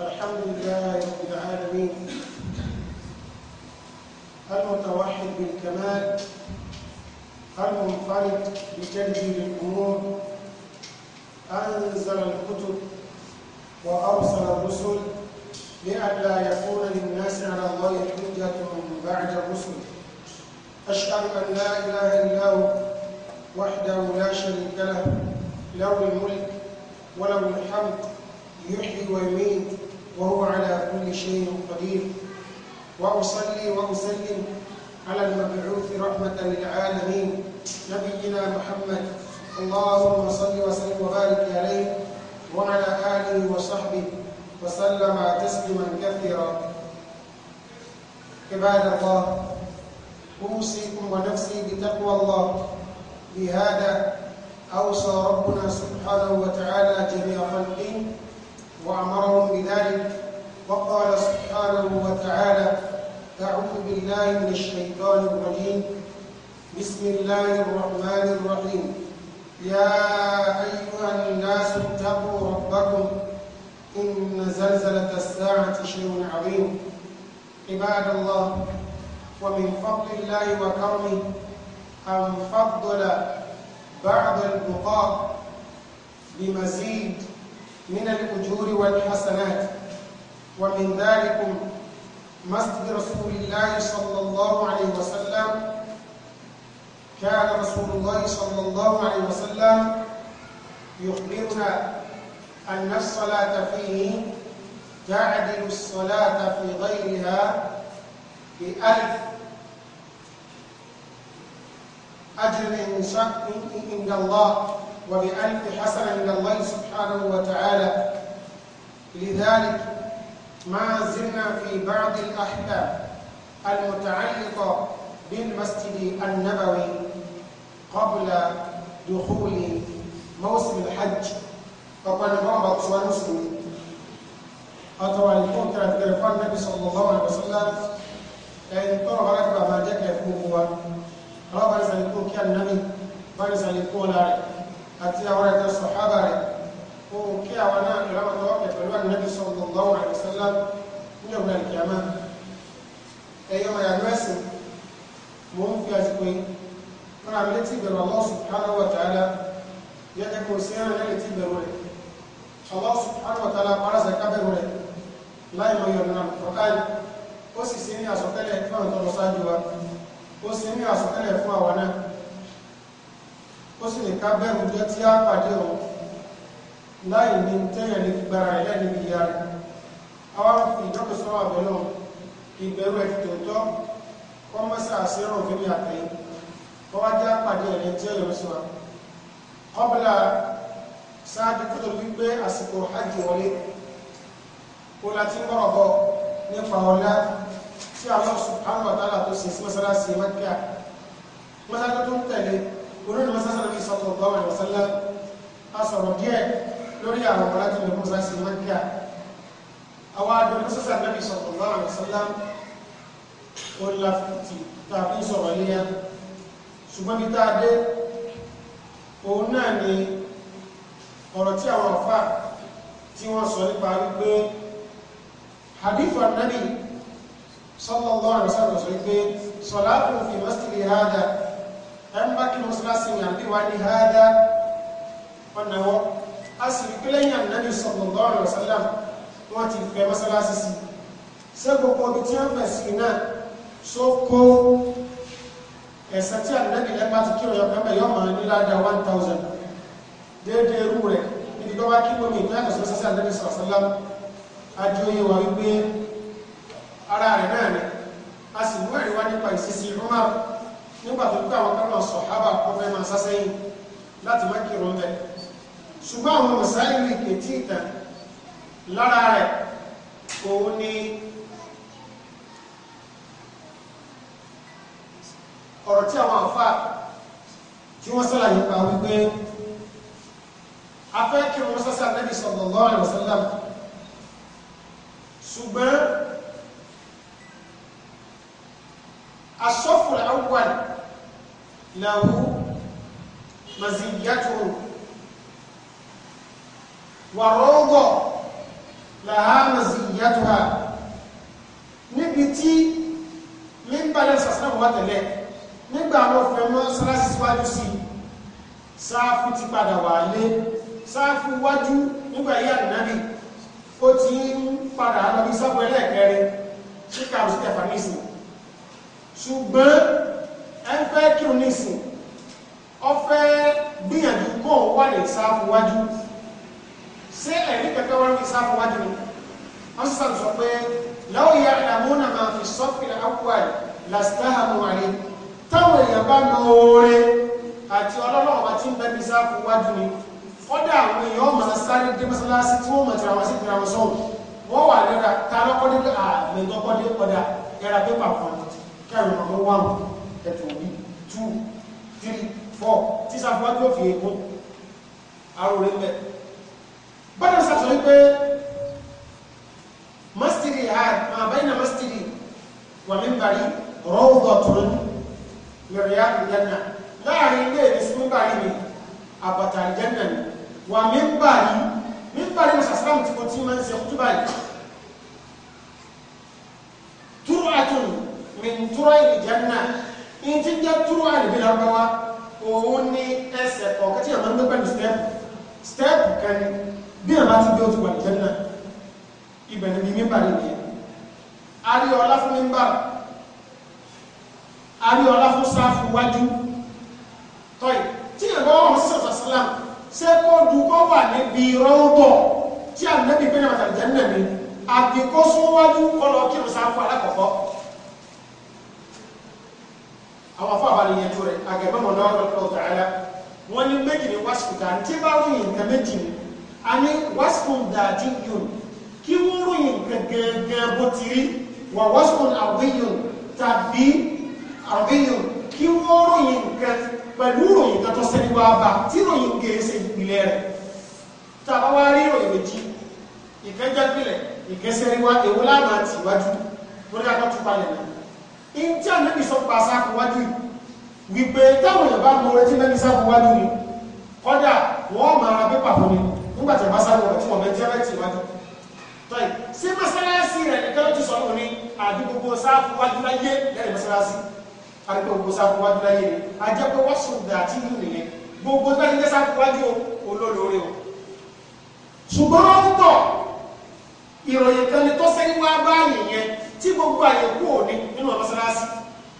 الحمد لله رب العالمين المتوحد بالكمال المنفرد بتدبير الامور انزل الكتب وارسل الرسل لئلا يكون للناس على الله حجه بعد الرسل اشهد ان لا اله الا هو وحده لا شريك له له الملك وله الحمد يحيي ويميت وهو على كل شيء قدير وأصلي وأسلم على المبعوث رحمة للعالمين نبينا محمد اللهم صل وسلم وبارك عليه وعلى آله وصحبه وسلم تسليما كثيرا عباد الله أوصيكم ونفسي بتقوى الله بهذا أوصى ربنا سبحانه وتعالى جميع خلقه وأمرهم بذلك وقال سبحانه وتعالى أعوذ بالله من الشيطان الرجيم بسم الله الرحمن الرحيم يا أيها الناس اتقوا ربكم إن زلزلة الساعة شيء عظيم عباد الله ومن فضل الله وكرمه أن فضل بعض البقاء بمزيد من الأجور والحسنات ومن ذلكم مسجد رسول الله صلى الله عليه وسلم كان رسول الله صلى الله عليه وسلم يخبرنا أن الصلاة فيه تعدل الصلاة في غيرها بألف أجر شك عند الله وبألف حسنة من الله سبحانه وتعالى لذلك ما زلنا في بعض الأحكام المتعلقة بالمسجد النبوي قبل دخول موسم الحج وقال محمد صلى الله عليه وسلم النبي صلى الله عليه وسلم ẹni tọ́rọ bá ما bàbá يكون هو wa ọlọ́bàá ìsàlẹ̀kún kí ànábì bá àti àwọn ẹ̀dá sọ̀hábà rẹ̀ ó kí àwọn náà lọ́wọ́ tọ́wọ́ pẹ̀ pẹ̀lú ànínábì sallallahu alaihi wasallam ní ọ̀gbìn àkìyàmá ẹ̀yọ́ ìyàgbọ́ ẹ̀sìn mò ń fi àsìkò yìí rárá mi létí ìbẹ̀rù Allah subhanahu wa ta'ala yẹ kẹ́ kò sí ẹ̀rọ létí ìbẹ̀rù rẹ̀ Allah subhanahu wa parasa kábẹ̀rù rẹ̀ láì mọ yọ̀ nínú àkùrọ̀kán ó sì sí ní àsọtẹ́lẹ̀ fún àwọn tó wa ó sì ní àsọtẹ́lẹ̀ fún àwa náà ó sì ní ká bẹ̀rù jẹ́ tí a pàdé ọ̀ láì ní tẹ́yẹ̀ ní gbára ilẹ̀ níbi ìyá rẹ̀ àwọn fi ìjọ́kọ̀ sọ́wọ́ àbẹ̀ náà ìbẹ̀rù ẹ̀ tòótọ́ kọ́ mọ́sà àṣírọ̀ fẹ́mi àtẹ̀yìn kọ́ wá jẹ́ àpàdé ẹ̀rẹ́ tí ó yọ sí wa kọ́bílà sáájú kó tó wípé àsìkò hajj wọlé kó láti ń bọ̀rọ̀ bọ̀ nípa ọlá tí àwọn subhanahu wa ta'ala tó sí mọ́sálásí mẹ́kíà mọ́sálásí tó ń tẹ̀lé olóòrùn masásà nàbí sallallahu alaihi wasallam a sọ̀rọ̀ díẹ̀ lórí àwọn ọmọ láti lè mọ́sá sí mọ́kíà àwọn sallallahu alaihi wasallam ó láti tàbí sọ̀rọ̀ léyà ṣùgbọ́n bí tá ni ọ̀rọ̀ tí àwọn àfà tí wọ́n sọ nípa sallallahu alaihi wasallam sọ wípé salatu fi masjidi hada ẹ̀ ń bá kí mọ́sálásí yàn bí wà ní hádá ọ̀nà wọn a sì rí pé lẹ́yìn ànábì sallallahu alaihi wasallam wọ́n ti fẹ́ mọ́sálásí sí ṣé gbogbo ibi tí wọ́n fẹ̀ sí náà so kó ẹ̀sẹ̀ tí ànábì lẹ́gbà ti kí ọ̀yọ́ pẹ́pẹ́ yọ mọ̀ ní ládà 1000 déédéé irú rẹ̀ níbi tó bá kí lómi ìpínlẹ̀ sọ́sọ́sọ́ ànábì sallallahu alaihi wasallam adúyé wa wípé ara rẹ̀ náà ni a sì mú ẹ̀rí wá Umar nígbà tó pé àwọn kanáà sọ̀hábà kọ́ fẹ́ máa sásẹ́yìn láti má kí rọ́ọ̀bẹ ṣùgbọ́n àwọn mọ̀sáìlì kètì ìtàn lára rẹ̀ òun ni ọ̀rọ̀ tí àwọn àfà tí wọ́n sọ́làyé pa wípé afẹ́ kí wọ́n sọ́sà nẹ́bí sallallahu alaihi wasallam ṣùgbọ́n wà ní له مزيته والروضة لها مزيتها نبتي من mímbàlẹ̀ sàsánàwò wà tẹ̀lẹ̀ nígbà àwọn fẹ̀mọ́ sárásí síwájú sí sáàfù ti padà wà lé sáàfù wájú nígbà yà nàbì ó ti ń padà lọ́bí sáàfù ẹlẹ́ẹ̀kẹrin síkàrù sí tẹ̀fà ṣùgbọ́n ẹ ń fẹ́ kírun nísìn ọ fẹ́ gbìyànjú kó o wà ní sáfù wájú ṣé ẹ̀rí kẹ̀kẹ́ wọn fi sáfù wájú ni wọ́n sì sàn sọ pé law ya'lamuna ma fi sọ́fìlà awwal lastahamu alayhi táwọn èèyàn bá mọ oore àti ọlọ́lọ́wọ́ bá ti ń bẹ́bí sáfù wájú ni kọ́dà àwọn èèyàn ọmọ sáré dé mọ́sálásí tí wọ́n mọ̀ àwọn sí ìpínlẹ̀ àwọn sọ́wọ́ wọ́n wà lọ́dà tá àmì tó kọ́dà yára pépà kan kẹrù ọmọ wà wọn ẹ̀tùn wí 2 3 4 tí sàfihàn tó fi èkó arò rẹ̀ mẹ́ bọ́dẹ̀ sàtọ̀ wípé mọ́sítìrì àbáyìnà mọ́sítìrì wà mímbàrí rọ́ọ̀dọ̀ tòrò mẹ́rẹ̀ àjẹ́nà láàrin ilé ìrísí mímbàrí mi àbàtà àjẹ́nà ni wà mímbàrí mímbàrí mọ́sàsílámù tí kò tí máa ń ṣe kútúbà yìí túrọ̀ àtùn min túrọ̀ ìjẹ́nà in ti jẹ́ túrú àìlèdè lágbàwá òun ní ẹsẹ̀ kọ̀ọ̀kẹ́ tí àwọn gbẹ́gbẹ́ ní stẹ́ẹ̀pù stẹ́ẹ̀pù kan ní bí àbá ti bí ó ti wà nìjẹ́ náà ibẹ̀ níbi mímbà nìyẹn a rí ọlá fún mímbà a rí ọlá fún sáfù wájú tọ́yì tí ìbọn ọ̀hún sàṣàṣàlám ṣé kó du kó wà níbi rọ́ọ̀bọ̀ tí àbí nẹ́bí pé ní àbàtà ìjẹ́ náà ni àbíkó sún wájú kọlọ kí n sáfù alákọ̀ọ́kọ́ àwọn afọ àbálẹ yẹn tó rẹ agẹmọmọ náà lọ lọ tààlà wọn ní méjì ní wáṣíkù tá ní tí bá ròyìn nǹkan méjì ní a ní wáṣíkù dàdí yòn kí wọn ròyìn nǹkan gẹ́gẹ́ bó ti rí wà wáṣíkù àwíyòn tàbí àwíyòn kí wọn ròyìn nǹkan pẹ̀lú ròyìn kan tó sẹni wá bá tí ròyìn gèèṣe ìpìlẹ̀ rẹ tàbá wá rí ròyìn méjì ìkẹjẹ pìlẹ ìkẹsẹríwá èwo lánàá lórí akọtúpalẹ náà in tí ànábì sọ pa sáfù wájú wípé táwọn èèyàn bá mọ retí mẹ́bí sáfù ni kọ́dà wọ́n máa ra pépà fún mi nígbà tí a bá sáré wọ̀ tí wọ́n mẹ́tí ọ̀rẹ́ tì wájú tọ́yì sí mọ́sálásí rẹ̀ nìkan ló ti sọ lónìí àbí gbogbo sáfù wájú láyé lẹ́yìn mọ́sálásí àbí gbogbo sáfù wájú láyé ni a jẹ́ pé wọ́n sùn dà àti ìlú nìyẹn gbogbo tó bá ti jẹ́ sáfù wájú olólórí o ṣùgbọ́n ó ń tọ̀ ìròyìn kan ni tó sẹ́yìn wá báyìí yẹn tí gbogbo àyè kú òní nínú ọmọsánáàsì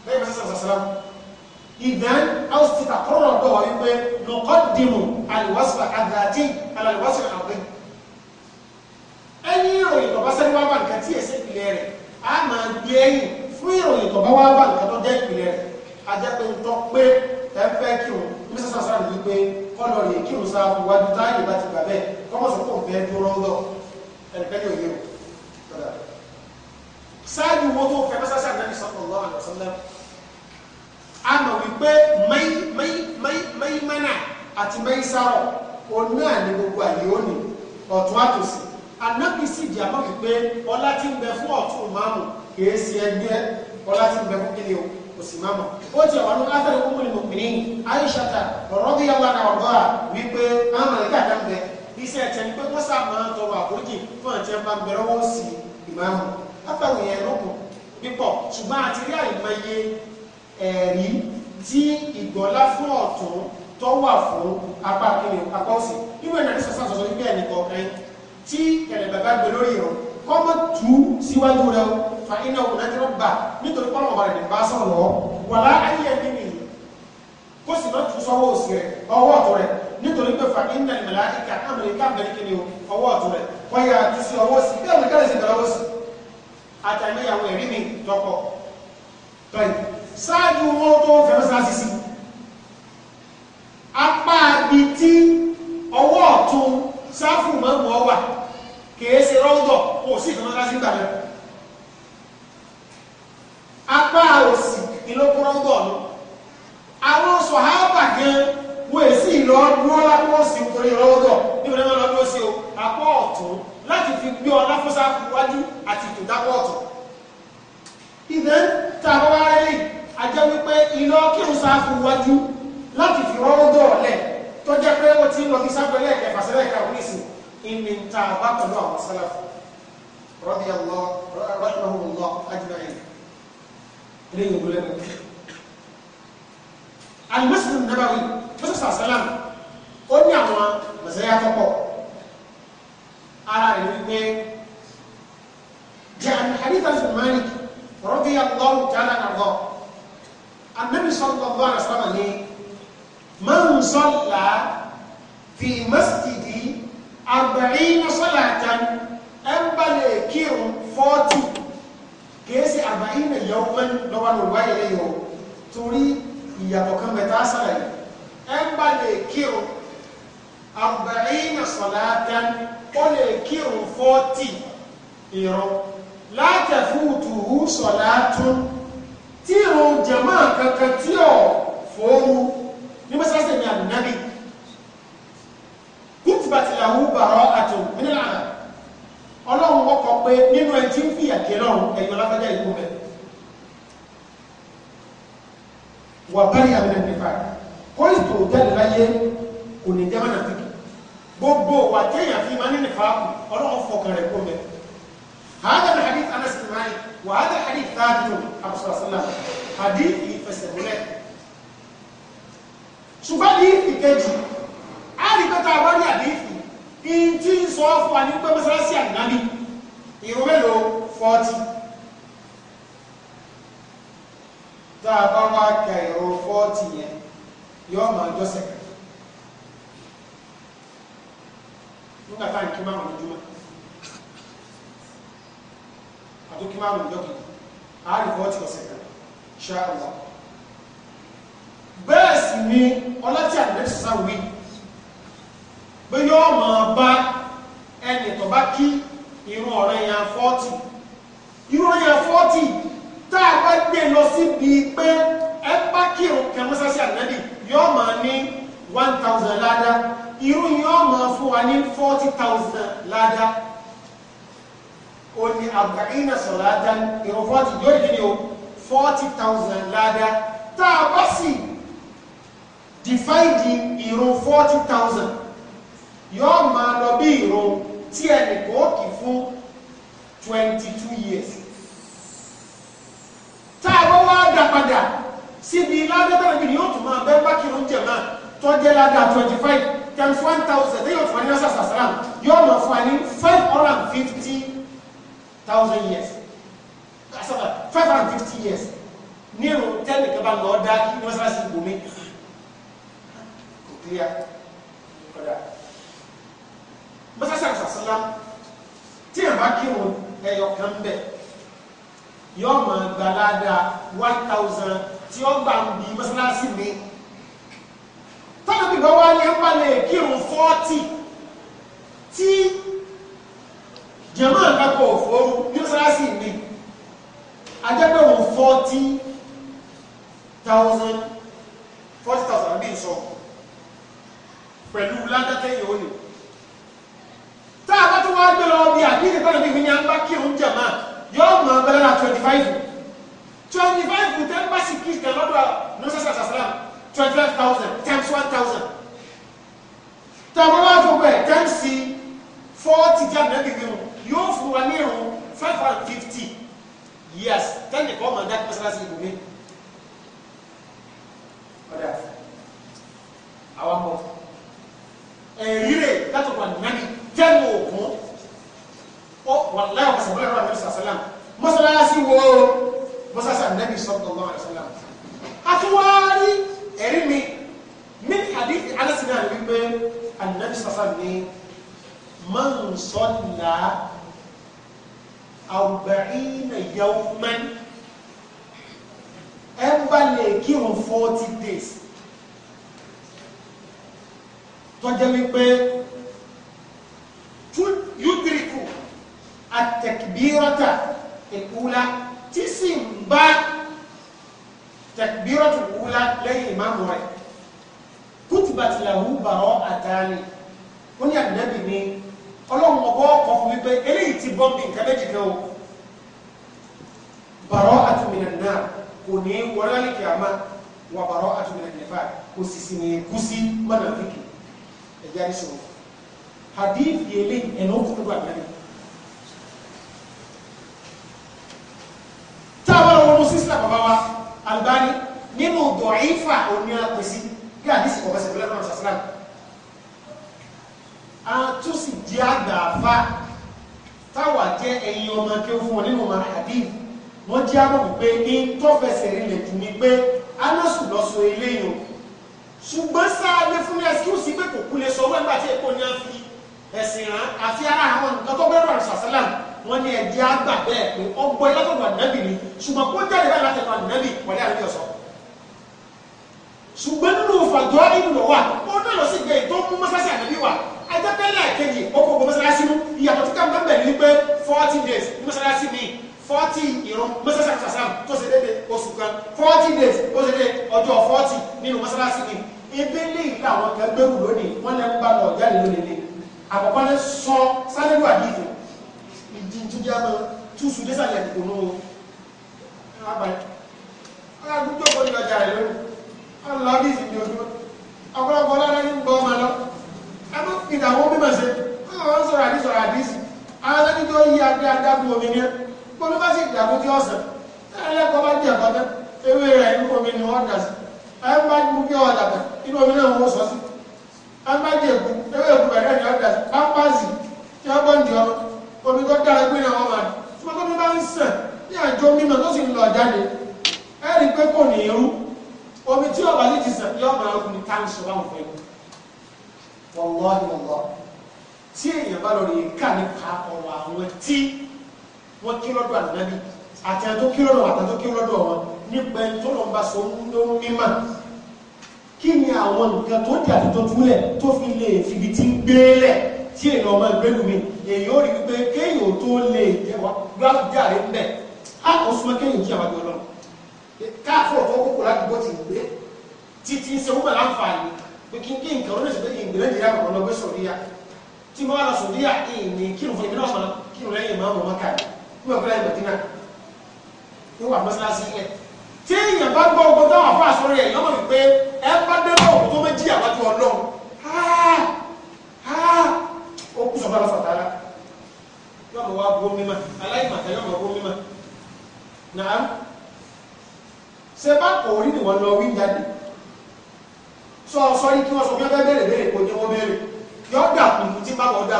bẹ́ẹ̀ bá sẹ́sẹ̀ sàsàlámù ìdán áwùsítà kọ́rọ̀ ọ̀dọ́ wà wípé nọ̀kọ́ dìmù àlùwásílà àdàtì àlùwásílà àwẹ̀ ẹni ìròyìn tọ̀bá sẹ́ni wá bá nǹkan tí èsì ìpìlẹ̀ rẹ̀ a máa gbé ẹ̀yìn fún ìròyìn tọ̀bá wá bá nǹkan tó jẹ́ ìpìlẹ̀ rẹ̀ a jẹ́ pé ń tọ́ pé ẹ fẹ́ kírun ní sẹ́sẹ̀ sàsàlámù wípé kọ́lọ̀ rẹ̀ kírun sáà wájú táyì bá ti gbà bẹ́ẹ̀ kọ́mọ̀sí kò fẹ́ dúró lọ ẹnikẹ́ni òye o ṣáájú owó tó fẹ́ mẹ́sàsí ànábì sallallahu alaihi wasallam a mọ̀ wípé mẹ́ìmánà àti mẹ́ìsárọ̀ òun náà ní gbogbo àyè òní ọ̀tún àtòsí ànábì sì jẹ́ àmọ́ wípé ọlá tí ń bẹ fún ọ̀tún ìmáàmù kìí ṣe ẹgbẹ́ ọlá tí ń bẹ fún kíni o kò sì máa mọ̀ ó ti àwọn afẹ́rẹ́ kúmù ní mọ̀kìnrin Aishata radiyallahu anha wípé àwọn mọ̀lẹ́kà kan bẹ iṣẹ́ ẹ̀tẹ̀ ni pé wọ́n máa ń tọrọ àforíjì fún àti ẹ̀ ń bẹ̀rẹ̀ wọ́n sí ìmáàmù afẹ́wọ̀n yẹn lókun pípọ̀ ṣùgbọ́n àti rí àìmọye ẹ̀rí tí ìgbọ́lá fún ọ̀tún tó wà fún apá kìnìún apá òsì nígbà ìnáwó sọ́sọ́ sọ́sọ́ nígbà ẹnì kọ̀ọ̀kan tí ẹ̀rẹ̀ bàbá gbé lórí ìrọ̀ kọ́mọ tú síwájú rẹ̀ fa iná òun láti rọ́bà nítorí pọ́nmọ̀ bàrẹ̀ ní bá sọ̀rọ̀ lọ wà láàyè ẹni nìyí kó sì má tú sọ́wọ́ òsì rẹ̀ ọwọ́ ọ̀tún rẹ̀ nítorí pé fa iná ìmọ̀lá ìka àmì ìka bẹ̀rẹ̀ kìnìún ọwọ́ ọ̀tún rẹ̀ wọ́n tú sí ọwọ́ òsì bí ọ̀nà kẹ́rẹ̀ sí bẹ̀rẹ̀ òsì àtàníyàwó ẹ̀rí mi tọkọ tọ́yì ṣáájú wọn tó fẹ́ mọ́sálásí sí apá ibi tí ọwọ́ ọ̀tún sáfù mọ́mù ọwà kìí ṣe rọ́ńdọ̀ kò sí ìfẹ́ mọ́sálásí gbà mẹ́rin apá òsì ìlókùn rọ́ńdọ̀ ni àwọn sọ̀hábà gan tá a bá pẹ̀lú àwọn sálàfù radiyallahu rahimahumullah ajma'in ilé ìlú lẹ́nu alimọ́sílẹ̀ nàbàwí mọ́sílẹ̀ sàṣálàm ó ní àwọn mọ̀sẹ̀yà tọ́pọ̀ ara rẹ̀ wípé jẹ́ àmì àríkà zùmánì radiyallahu ta'ala àgbọ̀ annabi sallallahu alaihi wasallam ni man salla fi masjidi àgbẹ̀rin sọ́là àtàn ẹ̀ńbàlẹ̀ kírun fọ́tì kìí ṣe àgbẹ̀rin náà yọ ọgbẹ́ lọ́wọ́ lọ́wọ́ ayẹyẹ yọ torí ìyàtọ̀ kan mẹ́ta sàlàyé ẹ̀ńbàlẹ̀ kírun àgbẹ̀rin sọ́là àtàn ó lè kírun fọ́tì ìrọ̀ látẹ̀fúùtùhù sọ̀lá tún tí ìrùn jẹ̀mọ́ kankan tí ọ̀ fòórù ní mọ́sálásí ní ànábì kutibat lahu bara'atun minal 'adab ọlọ́run kọ́kọ́ pé nínú ẹ tí ń fìyà jẹ lọ́run ẹ̀yọ́ lágbájá ìlú rẹ̀ wà báyìí àwọn ẹni nípa kọ́lì tó jáde láyé kò ní jẹ́mọ́ náà gbogbo wà téèyàn fi máa ní nípa ọlọ́run fọkàn rẹ̀ kó mẹ́ هذا الحديث انس بن وهذا الحديث ثابت عن رسول حديث يفسر هناك شوف هذه àríkọ́ta àwárí àdéhùn in tí ń sọ fún wa ní pé mọ́sálásí ànábì ìrun mélòó 40 tá a bá wá kẹ ìrun 40 yẹn yọ ọmọ ọjọ́ sẹ̀kẹ̀ nígbà tá à ń kí márùn lójúmọ́ àtúnkí márùn lọ́jọ́ kejì àárí 40 ọ̀sẹ̀ kan ṣáà wà bẹ́ẹ̀ sì ni ọlá tí àdìbẹ́sì sáwìí pé yóò máa bá ẹnì tó bá kí irun ọ̀rẹ́ yẹn fọ́tì irun ọ̀rẹ́ yẹn fọ́tì tá a bá gbé e lọ síbi pé ẹ bá kírun kẹmọ́sásí ànábì yóò máa ní one thousand ládá irun yóò máa fún wa ní forty thousand ládá ó ní àbúràínà sọ̀láàdá irun fọ́tì yóò yí ni o forty thousand ládá tá a bá sì dìfáìdì irun forty thousand yóò máa lọ bí ìrun tí ẹnì kan kì fún twenty two years tá a bá wá dá padà síbi ládàtàbí ni yóò tún máa bẹ́ bá kírun jẹ̀ máa tọ́jẹ́ ládàá twenty five times one thousand yóò tún wá ní ọ̀sán sàsàrán yóò máa fún wa ní five hundred fifty thousand years five hundred fifty years ní irun tẹ́lẹ̀ kaba lọ́ọ́ dá kí ní wọ́n sábà sí ibòmí kò clear mọ́sásá àṣàṣálá tí ẹ̀ bá kírun ẹyọ kan bẹ̀ yọ mọ̀ gbàládà one thousand tí ó gbà ń bi mọ́sálásí mi tọ́lọ́bì lọ́wọ́ ní ẹ̀ ń balẹ̀ kírun forty tí jẹ̀mọ́ àkàkọ̀ òfòrú ní mọ́sálásí mi ajẹ́gbẹ̀wọ̀n forty thousand forty thousand bí n sọ pẹ̀lú ládàtẹ́yìn òní tá a bá tó wá gbé lọ bí àkíyèsí pẹ̀lú bí mi ní àgbá kí òun jàmá yóò mọ abẹ́rẹ́ náà twenty five twenty five tẹ́ ń bá sì lọ́dọ̀ nọ́sẹ̀sẹ̀ àṣàṣàlám twenty five thousand times one thousand tàwọn wá fún bẹ́ẹ̀ times forty jáde gègé wọn yóò fún wa ní ìrún five hundred fifty years tẹ́lẹ̀ kọ́ máa dákú mọ́sálásí ìbò mi. ọ̀dà àwọn ọmọ ẹ̀rí rẹ̀ látọ̀kọ̀ nàní tẹ́nu òkun ó wà láwọn kàṣàbọ́lá náà nàbí sàṣàlám mọ́sálásí wo mọ́sálásí ànábì sallallahu alaihi wasallam àtúwárí ẹ̀rí mi mi hadith Anas náà wípé ànábì sàṣàlám ní man salla arba'ina yawman ẹ̀ ń bá lè kírun forty days tọ́jẹ́ wípé yúdìríkù àtẹ̀kìbírọ́tà ìkúlá tí sì ń bá tẹ̀kìbírọ́tà ìkúlá lẹ́yìn ìmáàmù rẹ̀ kútìbàtìláwù bàrọ̀ àtàlẹ̀ ó ní àdínábì ní ọlọ́run ọgbọ́ ọkọ̀ fún wípé eléyìí ti bọ́ mi nǹkan méjì náà bàrọ̀ àtúmìnà náà kò ní wọlé lálẹ́kẹ̀ àmà wà bàrọ̀ àtúmìnà nìfà kò sì sì ní kú sí mọ́nà fíkì ẹ̀jẹ̀ àdìsọ̀rọ̀ hadith yele ẹ̀nà òkùnkùn tó àgbẹ̀rẹ̀ táwọn ọmọ ọmọ sísílà bàbá wa Albani nínú dọ̀ífà òní àpèsí kí àdísì kọ̀ọ̀kan sẹ̀kọ́lẹ̀ náà sàṣìlá a tún sì di àgbà àfá táwà jẹ́ ẹ̀yin ọmọ kí ó fún wọn nínú ọmọ hadith wọ́n jẹ́ àmọ̀ wípé in tó fẹsẹ̀ rí lẹ̀ jù ní pé anásù lọ sọ eléyìn ṣùgbọ́n sáà lé fún ní ẹsikúùsì pé kò kú lè sọ wọ́n nígbà tí èkó ní á fi ẹ̀sìn rán àti ara àwọn nǹkan tó gbẹ́rù àrùn sàṣẹ́là wọn ni ẹ̀jẹ̀ àgbà bẹ́ẹ̀ pé ọgbọ́ ìlọ́tọ̀dọ̀ ànábì ni ṣùgbọ́n kó jáde báyìí láti ẹnu ànábì wọlé ànábì ọ̀sọ́ ṣùgbọ́n nínú fàjọ́ ìlú lọ́wọ́ ó náà lọ sí ìgbé tó mú mọ́sáṣí ànábì wà ajẹ́pẹ́lẹ́ àkejì ọkọ̀ ògbó mọ́sálásí mú ìyàtọ̀ tí káàmù bẹ̀rẹ̀ ní pé days mọ́sálásí mi forty ìrún mọ́sálásí àtàsá tó ṣe déédéé oṣù kan forty days ó ṣe déédéé ọjọ́ forty nínú mọ́sálásí mi ebélé ìlà àwọn kan gbẹ́rù lónìí wọ́n lẹ́ ń bá lọ jáde lónìí àkọ́kọ́ ní sọ sálẹ́lú àdìfò ìdí tó jẹ́ mọ́ túsù désàlẹ̀ ìdìbò náà abalẹ̀ agbójọ́ kọ́ ní ọjà rẹ̀ lónìí ọlọ́ bí ìsìn ní ojúmọ́ ọ̀pọ̀lọpọ̀ ọlọ́rẹ́ ní gbọ́ ọmọ lọ ẹgbẹ́ ìdàwó mímọ̀ sí wọ́n sọ̀rọ̀ àdí sọ̀rọ̀ àdí sí alẹ́ni tó yí adé adágún omi ní gbọ́dọ̀ bá sì dàgbó tí ọ̀sán ẹlẹ́kọ̀ọ́ bá jẹ̀ kọ́tẹ́ ewé rẹ̀ inú omi ni wọ́n dà sí ẹ pápájì èkú ewé èkú bẹ̀rẹ̀ ní ọ̀dà pápáàsì tí wọ́n bọ́ ní ọ omi tó dára gbé náà wọ́n máa ní tí wọ́n tó bí bá ń sàn ní àjọ mímọ́ tó sì ń lọ jáde ẹ rí i pé kò ní irú omi tí ọba sì ti sàn yóò máa gùn ní táǹsì wà fún ẹkú wọ́lọ́ọ̀dì wọ́lọ́ tí èèyàn bá lọ rí ká nípa ọ̀rọ̀ àwọn tí wọ́n kí lọ́dọ̀ ànábì àtẹ̀tọ́ kí lọ́dọ̀ àtẹ̀tọ́ kí lọ́dọ̀ wọn nípa ẹni tó lọ́n bá so ń mímọ́ kí ni àwọn nǹkan tó dì àti tó túlẹ̀ tó fi lè fìdí tí ń gbélẹ̀ tí èèyàn ọmọ ìgbélú mi èyí ó rí wípé kéèyàn tó lè jẹwa gbáàsì jáde ń bẹ̀ á kò súnmọ́ kéèyàn jí àwọn ọlọ́run káàfọ̀ tó kókò láti bọ́ ti gbé títí ṣe wọ́n láǹfààní pé kí kí nǹkan ó lè ṣe pé ìgbélẹ̀ ìyá àwọn ọlọ́gbẹ́ sọ̀ríyà tí mo bá lọ sọ̀ríyà ìní kírun fún ìgbélẹ̀ ọ̀sán kírun lẹ́yìn máa mọ̀ mọ́kà ní wọ́n fẹ́ láì tí èèyàn bá gbọ́ ogun táwọn afọ àṣọ rẹ̀ lọ́mọ wípé ẹ bá dé bá òkú tó méjì àwájú ọlọ́run ah! Ah! ó kú sọ́kọ́ lọ́sọ̀ tààrà yóò mọ̀ wá gbó mímọ́ aláìmọ̀tà yóò mọ̀ gbó mímọ́ náà ṣe bá kò rí ni wọ́n lọ wí jáde sọ sọ yìí kí wọ́n sọ pé ọbẹ̀ bẹ̀rẹ̀ bẹ̀rẹ̀ kò ní wọ́n bẹ̀rẹ̀ yọ dà kùnkù tí bá wọ́n dà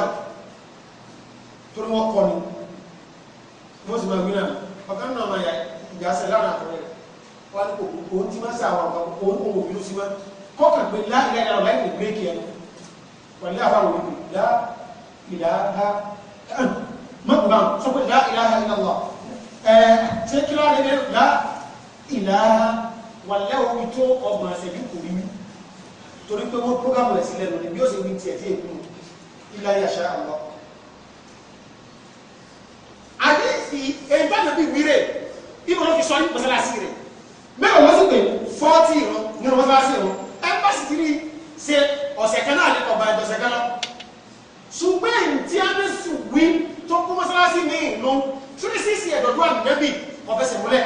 torí wọ́n kọ́ ni wọ́n sì máa gbé náà ọ̀gá náà máa yà ìgbà sẹ̀ láwọn wọ́n ní kò òun ti máa ń sàwọn ọ̀gá òun kò wò bínú sí mọ́ kọ́kàn pé láìláì náà láì kò bírèkì ẹ̀ wọ́n ní àbáwò ìlú lá ìlàhà mọ́kùnbá sọ pé lá ìlàhà illallah ẹ̀ ṣé kí ló lè lá ìlàhà wà lẹ́wọ̀n mi tó ọgbọ̀n àṣẹjú kò rí torí pé wọ́n prógámù rẹ̀ sílẹ̀ lónìí bí ó ṣe wí tiẹ̀ tí èkó ilá yàṣá àwọn àdéhìí ẹ̀ńtánà bíi wíre bí wọ́n fi sọ ní mọ́sálásí rẹ̀ mẹ́wàá wọ́n sì pé fọ́ọ̀tì ìran nínú wọ́n bá sí ìran ẹ́mbàsì ti rí ṣe ọ̀sẹ̀ kan náà lè ọ̀bà ìjọsẹ̀ kan lọ ṣùgbọ́n èyí tí a ní sùn wí tó kó mọ́sálásí ní ìlú tírísìsì ẹ̀dọ̀dọ̀ àmìlẹ́bì ọ̀fẹsẹ̀ múlẹ̀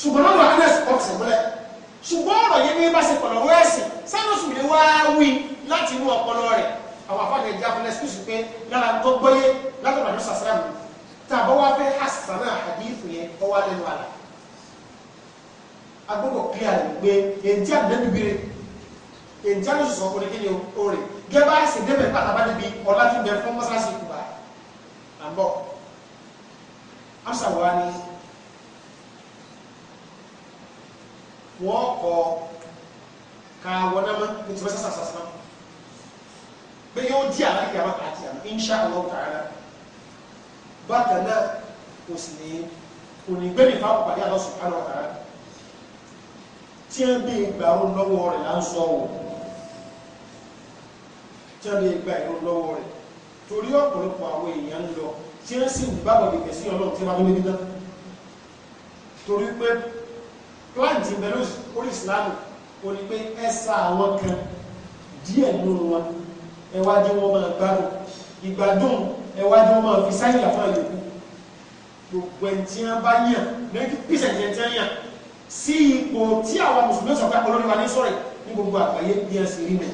ṣùgbọ́n lọ́dọ̀ agnes ọ̀fẹsẹ̀ múlẹ̀ ṣùgbọ́n ọ̀rọ̀ yẹn ní bá ṣe pọ̀lọ̀ wọ́n ẹ̀sìn sẹ́nu sùn lè wá wí láti inú ọpọlọ rẹ̀ àwọn afáàlẹ̀ ìjà fún ẹsẹ̀ pé lára tó gbọ́yé látọ̀dọ̀ àdúrà sàṣàrà mi fẹ́ àṣàṣà náà àdí ìfòyẹ ọwọ́ alẹ́nu àlà agbọ́dọ̀ clear pé èntí àdínẹ́bìbìrì èntí àdínẹ́sọ̀sọ̀ ọkùnrin kí ni ó rè gẹ́gbà sí débẹ̀ pàtàkì níbi ọlá tí bẹ fún mọ́sálásí kùbà àbọ̀ amsawa ni wọ́n kọ ka wọ́n náà ní tí wọ́n sá sá sá pé yóò di àwọn ìgbà wọn àti àmì insha Allah ta'ala bákan náà kò sì ní kò ní gbẹ́mìí fáwọn pàdé Allah subhanahu wa ta'ala tí wọ́n bí ìgbà ọ̀run lọ́wọ́ rẹ̀ là ń sọ ọ̀ tí wọ́n bí ìgbà ìrun lọ́wọ́ rẹ̀ torí ọ̀pọ̀lọpọ̀ àwọn èèyàn ń lọ tí wọ́n sì ń bábọ̀ gẹ̀gẹ̀ sí ọlọ́run tí wọ́n tó lébi náà torí pé plant belus orí ìsìláàmù ó ní pé ẹ sa àwọn kan díẹ̀ nínú wọn ẹ wá jẹ́ wọn máa gbádùn ìgbádùn ẹ wọn máa fi sáyìn àfọ̀n yòókù gbogbo ẹni tí wọ́n bá yàn 90% ẹni sí ipò tí àwọn mùsùlùmí sọ pé olórí wa ní sọ̀rọ̀ ní gbogbo àgbáyé bí ẹ sì rí mi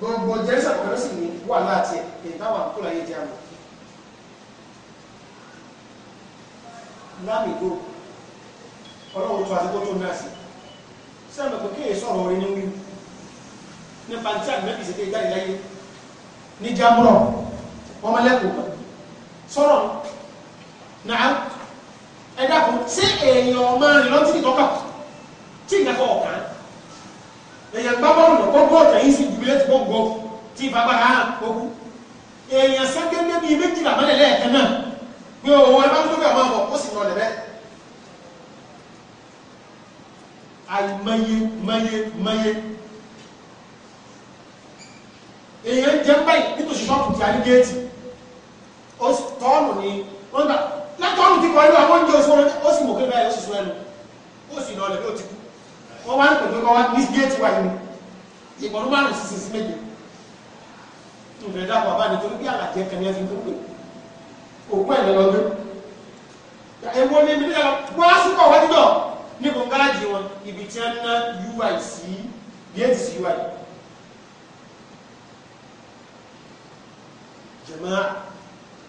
gbogbo jẹ́rìsà kọ̀ọ̀kan sì ní wà láti ẹ̀ táwọn àkúlà yé jẹ́ àmọ́ lámìgbò ọlọ́run tó àsìkò tó náà sí sẹ́mi kò kéè sọ̀rọ̀ orin ní wí nípa tí àgbẹ̀bì sí pé jáde láyé ní jámúrọ̀ ọmọlẹ́kùn sọ̀rọ̀ náà ẹ dákun ṣé èèyàn ọmọ rìn lọ́tí ìtọ́kà tí ìgbà kọ ọ̀kan èèyàn gbá bọ́ọ̀lù lọ́kọ́ bọ́ọ̀tà yìí sì jubilé ti bọ́ọ̀gbọ́ tí ìfagbára hàn ogun èèyàn sẹ́gẹ́gẹ́ bíi méjìlá mọ́lẹ̀ lẹ́ẹ̀kan náà pé òun ẹ bá ń lókè àwọn ọmọ ó sì lọ lẹ̀ bẹ́ẹ̀. àìmọye mọye mọye èèyàn jẹ́ báyìí nítòsí ṣọ́ọ̀kù ti àrígéètì ó sì tọ́ọ̀nù ni wọ́n gbà látọ́rùn ti pọ̀ ẹlú àwọn oúnjẹ oṣù wọn ó sì mọ̀ pé báyìí ó sì sọ ẹnu ó sì lọ lẹ́nu ó ti kú wọ́n wá ń pè pé kọ́ wá ní géètì wáyé ni ìgbọ̀nú márùn-ún sì sì sí méje ìbẹ̀rẹ̀ dàpọ̀ àbá nítorí bí àlàjẹ́ kan ní ẹ̀sìn tó pè òkú ẹ̀ lọ́lọ́ gbé ewo ní ibi nílẹ̀ wọ́n á súnkọ̀ wọ́n dídọ̀ ní gbọ̀ngàrájì wọn ibi tí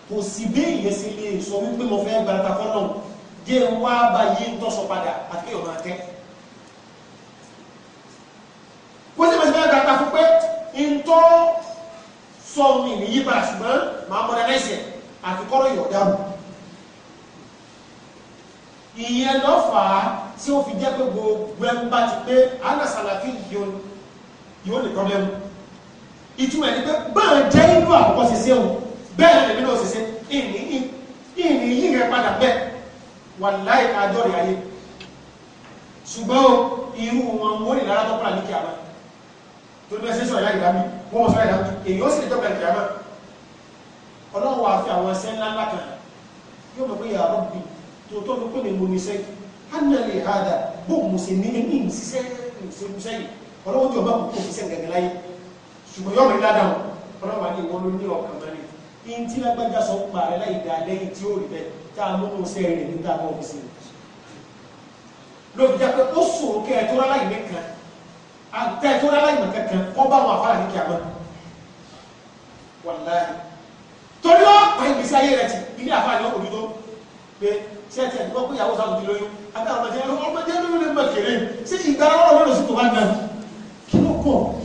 kò sí béèyàn sí lè sọ wípé mo fẹ́ gba àtàkọ́ náà jẹ́ wá bá yé ń tọ́sọ padà àti kéèyàn máa tẹ́ kó sì máa ṣe máa gbà fún pé ń tọ́ sọ mi ní yí padà ṣùgbọ́n máa mọ̀ náà ẹsẹ̀ àti kọ́rọ̀ yọ̀ dáhùn ìyẹn lọ fà á tí ó fi jẹ́ pé gbogbo ẹ̀ bá ti pé alásàlàfíì yóò ní pọ́blẹ́mù ìtumọ̀ ẹ̀ ni pé báà jẹ́ inú àkọ́kọ́ ṣe ṣéun bẹ́ẹ̀ lèmi náà sì ṣe ìní yí rẹ̀ padà bẹ́ẹ̀ wà láì àjọ rẹ̀ ayé ṣùgbọ́n irú wọn wọ́n ní lára tọ́pàá ní kìámà tó ní ẹsẹ̀ sọ̀rọ̀ ìdámi wọ́n mọ̀ sọ̀rọ̀ ìdámi èyí ó sì lè tọ́pàá ní kìámà ọlọ́run wà fi àwọn ẹsẹ̀ ńlá ńlá kan yóò mọ̀ pé yà rọ́ bì tó tó ní pé mi mo ní sẹ́ hánà lè ha dà bó mo sì ní ní ìṣiṣẹ́ ìṣerúṣẹ́ yìí ọlọ́run tí ọba kò kó in tí lágbájá sọ ń parẹ́ láì dá lẹ́yìn tí ó rí bẹ́ẹ̀ tá a mú un sẹ́yìn rẹ̀ níta bọ́ fi sí i lóbi jẹ́ pé ó ṣòro kẹ́ ẹ tó rá láì nìkan àtẹ tó rá láì nìkan kan kọ́ bá wọn àfárá ní kí a mọ̀ wàláyé torí ó pa ìgbésí ayé rẹ ti ilé àfárá ní ọkùnrin tó pé sẹ́ẹ̀tì ẹ̀ gbọ́ pé ìyàwó sáà tó lóyún àbí àwọn ọmọdé ọmọdé ló ń bẹ̀ kéré sí ìgbà ọlọ́run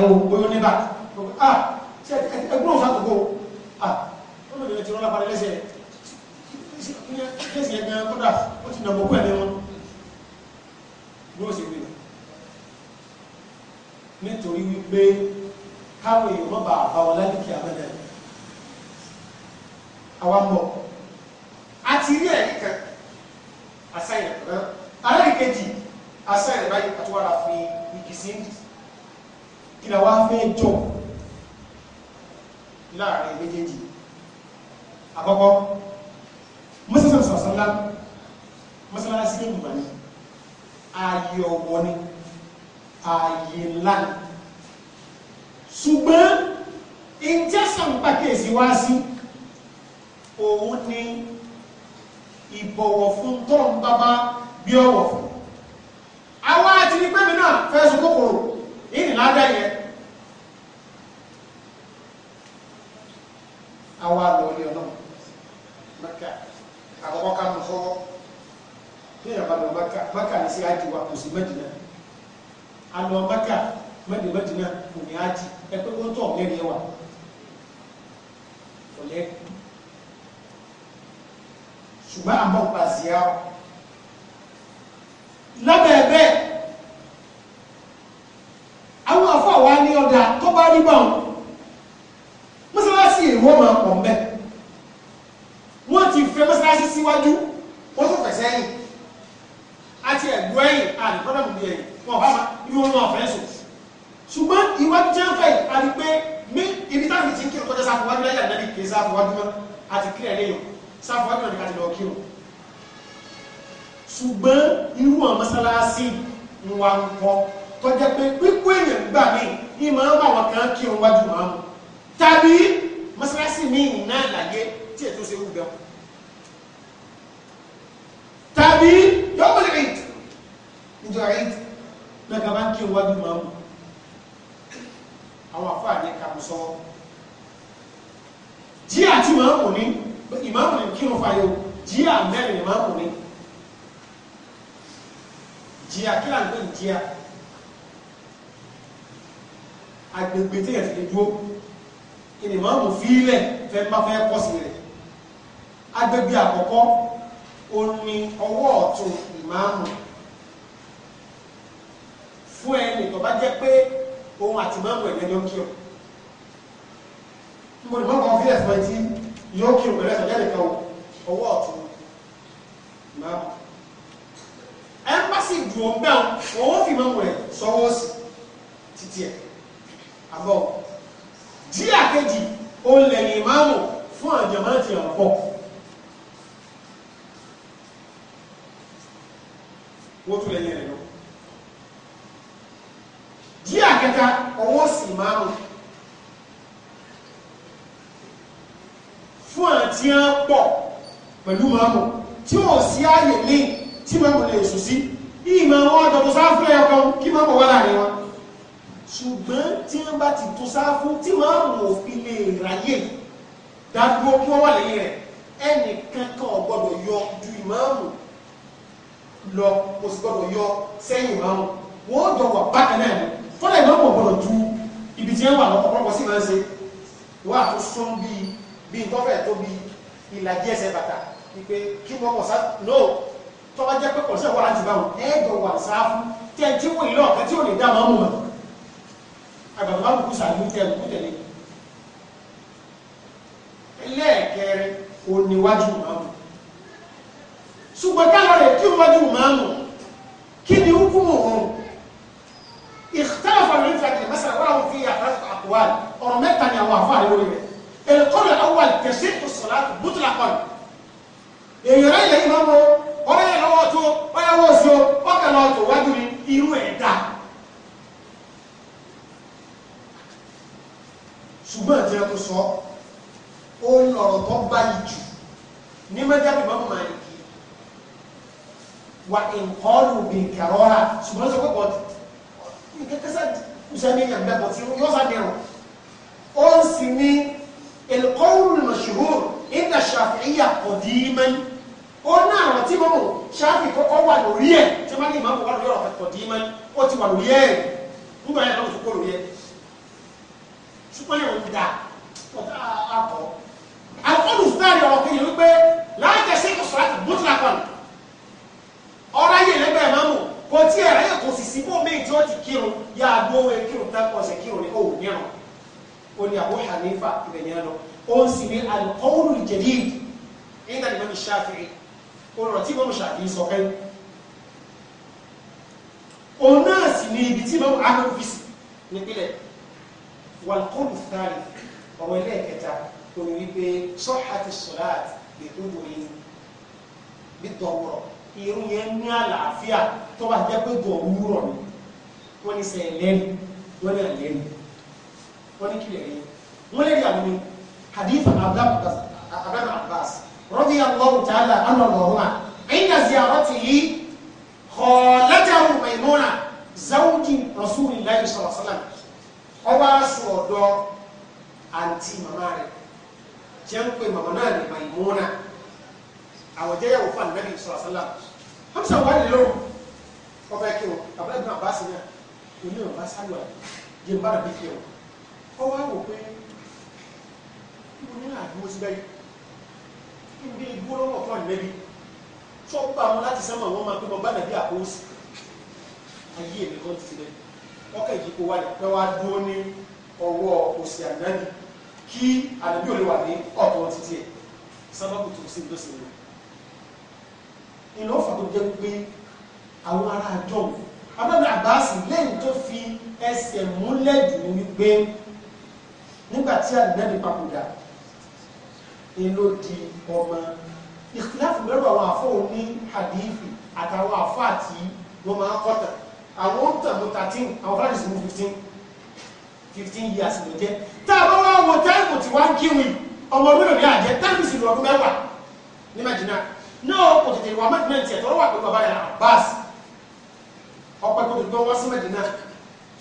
yẹn o bóyá ní bá ah ṣe ẹgbẹ́ òfin ah wọ́n lè lè ti rán lápá lẹ́sẹ̀ lẹ́sẹ̀ yẹn gan kódà ó ti nàbọ̀ kú ẹ̀mí wọn ní ó sì gbé nítorí wípé káwọn èèyàn mọ́ bàbá wọn lálùkì àmẹ́lẹ̀ àwọn mọ̀ àti rí ẹ̀rí kan àṣà ìrẹ̀ kan aláìkejì àṣà ìrẹ̀ báyìí àtúwárà fi ìkìsí kí la wá fẹ́ jọ láàrin méjèèjì àkọ́kọ́ mọ́sílẹ̀ sọ̀sọ́lá mọ́sálásí ìgbà ni ààyè ọ̀wọ́ ni ààyè ńlá ni ṣùgbọ́n ìjẹ́sà ń pàkíyèsí wá sí òun ni ìbọ̀wọ̀ fún tọ́rọ̀ ń bábá bí ọ̀wọ̀ fún àwọn àti ní pẹ́mi náà fẹ́ sọ kòkòrò ìní ládá yẹn àwa lọ ilé ọ̀nà mẹ́kà àkọ́kọ́ ká mú fọ́wọ́ ní ìrànlọ́ mẹ́kà mẹ́kà ní sí ájì wa kò sí mẹ́dínà àlọ́ mẹ́kà mẹ́dínà kò ní ájì ẹgbẹ́ ó ń tọ̀ lẹ́rìí wa Jacó Baribão. É, qui ont tí wọ́n wà lọ́pọ̀lọpọ̀ sí máa ń ṣe wọ́n àtún sún bí bí nǹkan fẹ́ tó bí ìlàjì ẹsẹ̀ bàtà wípé kí wọ́n mọ̀ sá no tó bá jẹ́ pé kò sí ẹ̀wọ́ láti bá wọn ẹ̀ẹ́dọ̀ wà sáfù tẹ́ ẹ tí wọ́n ìlú ọ̀kẹ́ tí ò lè dá wọn mú wọn àgbàdo máa ń kú sàánú tẹ kú tẹ̀lé ẹlẹ́ẹ̀kẹrin oníwájú màmù ṣùgbọ́n káwọn rẹ̀ kí wájú màmù kí ni hukumu ọ̀hún الأول من فجر المسألة وله فيها ثلاثة أقوال أرمتني أو أفعل القول الأول تصح الصلاة مطلقا èèyàn ilẹ̀ yìí máa mọ ọ̀rẹ́ yẹn lọ́wọ́ tó ọ̀yàwó oṣù ọ̀kànlá ọ̀tọ̀ wájú ni irú ẹ̀ dá ṣùgbọ́n àti ẹkùn sọ ó ń lọ̀rọ̀ tó báyìí jù ní mẹ́jáde ìkẹ́kẹ́sà ìṣẹ́ni àgbàgbà tí yóò sá dẹ̀rùn ó ń sì ní al-qawl al-mashhur inda Shafi'iyya qadiman ó ní àwọn tí mọ́mọ́ ṣáfì kọ́kọ́ wà lórí ẹ̀ tí wọ́n ní ìmọ̀mọ́ wà lórí ọ̀rọ̀ qadiman ó ti wà lórí ẹ̀ nígbà yẹn lọ́wọ́ tó kò tí ẹ̀ ráyè kò sì sí bó mi tí wọ́n ti kírun yá agbó owó kírun tá kọ́ ọ̀sẹ̀ kírun ní òun nírun ó ní Abu Hanifa ibẹ̀ yẹn lọ òun sì ní al-qawl al-jadid ìdá ni mọ́mí Shafi'i òun tí mọ́mí Shafi'i sọ kẹ́ òun náà sì ní ibi tí mọ́mí Ahmed nípínlẹ̀ wal-qawl al-thalith ọ̀rọ̀ ẹlẹ́ẹ̀kẹta wípé sọ́hàtì sọ́láàtì lè tó dùn yín bí dọ̀wọ́rọ̀ irun yẹn ní àlàáfíà tó bá jẹ́ pé bọ̀ wúrọ̀ ni wọ́n ní sẹ̀ lẹ́nu wọ́n ní àlẹ́nu wọ́n ní kílẹ̀ rẹ̀ wọ́n lè rí àwọn ní hadith abdul abbas radiyallahu ta'ala anhu ọ̀rọ̀mà inda ziyaratihi khalatahu maimuna zawji rasulillahi sallallahu alaihi wasallam ọba aṣọ ọ̀dọ́ àǹtí màmá rẹ̀ jẹ́ ń pè màmá náà ní maimuna àwọn jẹ́yàwó fún ànábì sọ̀rọ̀ sálà hamsa wà ní lóhùn ọba ẹ̀kẹ́ o abúlé náà bá sí náà òní ọba sálù àdé jẹ́ ń bára bí kí o ọ wá wò pé mo ní àdúgbò sí bẹ́ẹ̀ kí n bí igbó lọ́wọ́ fún ànábì tó bá wọn láti sẹ́mọ̀ wọn máa pé mo bá nàbí àkóso ayé èmi kan ti sílẹ̀ ọkọ̀ yìí kó wá ní pẹ́ wá dúró ní ọwọ́ òsì ànábì kí ànábì ò lè wà ní ọ̀pọ̀ títí ẹ̀ sábà kùtù sí ìdọ́sìn rẹ̀ ìlú ọ̀fà tó jẹ́ pé àwọn ará àjọ abẹ́bẹ̀ àgbáàsì lẹ́yìn tó fi ẹsẹ̀ múlẹ̀ dùn wípé nígbà tí àdínẹ́bí papòdà èló di ọmọ ìtìláfù mẹ́rù àwọn àfọ́ òní hadithi àtàwọn àfọ́ àti wọ́n máa kọ́tà àwọn ń tàn mú 13 àwọn fúlàní sí mú 15 15 years ló jẹ́ tá a bá wá wọ táìmù tí wá ń kíwì ọmọ orílẹ̀-èdè àjẹ́ táìmù sì lọ́dún mẹ́wàá ní Mẹ́dínà náà kò tètè wà mẹ́tìmẹ́ntì ẹ̀tọ́ wà pẹ̀lú bàbá rẹ̀ Abbas ọpẹ́ tó dùn wá sí Mẹ́dínà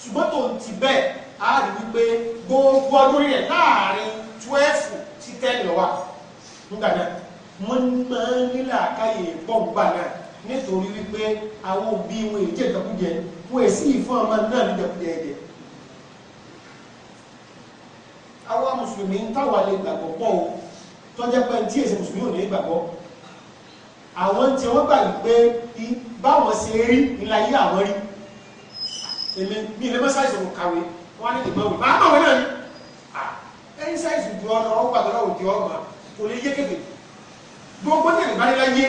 ṣùgbọ́n tó ń ti bẹ́ẹ̀ á rí wípé gbogbo ọdún rẹ̀ láàrin twelve sí ten lọ́wọ́ nígbà náà wọ́n máa ń nílà káyè bọ́ǹgbà náà nítorí wípé àwọn òbí wọn èjì ìjẹkújẹ wọn èsì ìfún ọmọ náà ní ìjẹkújẹ ẹ̀jẹ̀ àwọn mùsùlùmí ń táwà lè gbàgbọ́ pọ̀ o pé tí èsì mùsùlùmí ò ní gbàgbọ́ àwọn tí wọ́n gbà wípé báwọn ṣe rí ńlá yé àwọn rí èmi mi ilé mọ́sáìsì mo kàwé wọ́n á ní ìgbà wò máa máa wọ́n náà ni ẹ̀yìn sáìsì ju ọ̀nà ọgbà tó lọ́wọ́ ọgbà kò lè yé kéde gbogbo ní ìbára láyé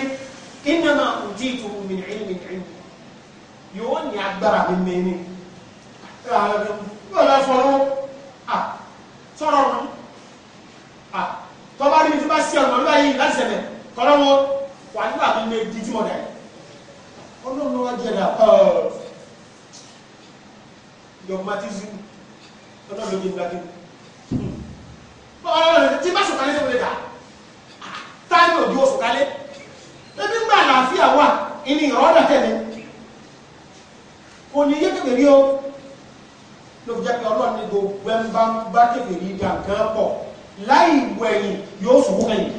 iná máa kù tí ìtò min ilmi indi yóò ní agbára mi mẹ́ni yóò lọ fọ́nrọ́ sọ̀rọ̀ ọ̀run tọ́ba rí mi tó bá sí ọ̀nà ọ̀lú wà nígbà tó lé di tí mo dà yìí ọlọ́run ló wá jẹ́ dà dogmatism ọlọ́run ló jẹ́ nígbà kí ọlọ́run tí bá sọ̀kalẹ̀ tó lè dà táyé òjò sọ̀kalẹ̀ ebi ń gbà àlàáfíà wà ìní ìrọ́dà tẹ̀lé kò ní yé kékeré o ló fi jẹ́ pé ọlọ́run ní gbogbo ẹ̀ ń bá ń bá kékeré dà nǹkan pọ̀ láì wẹ̀yìn yóò sùn kẹ́yìn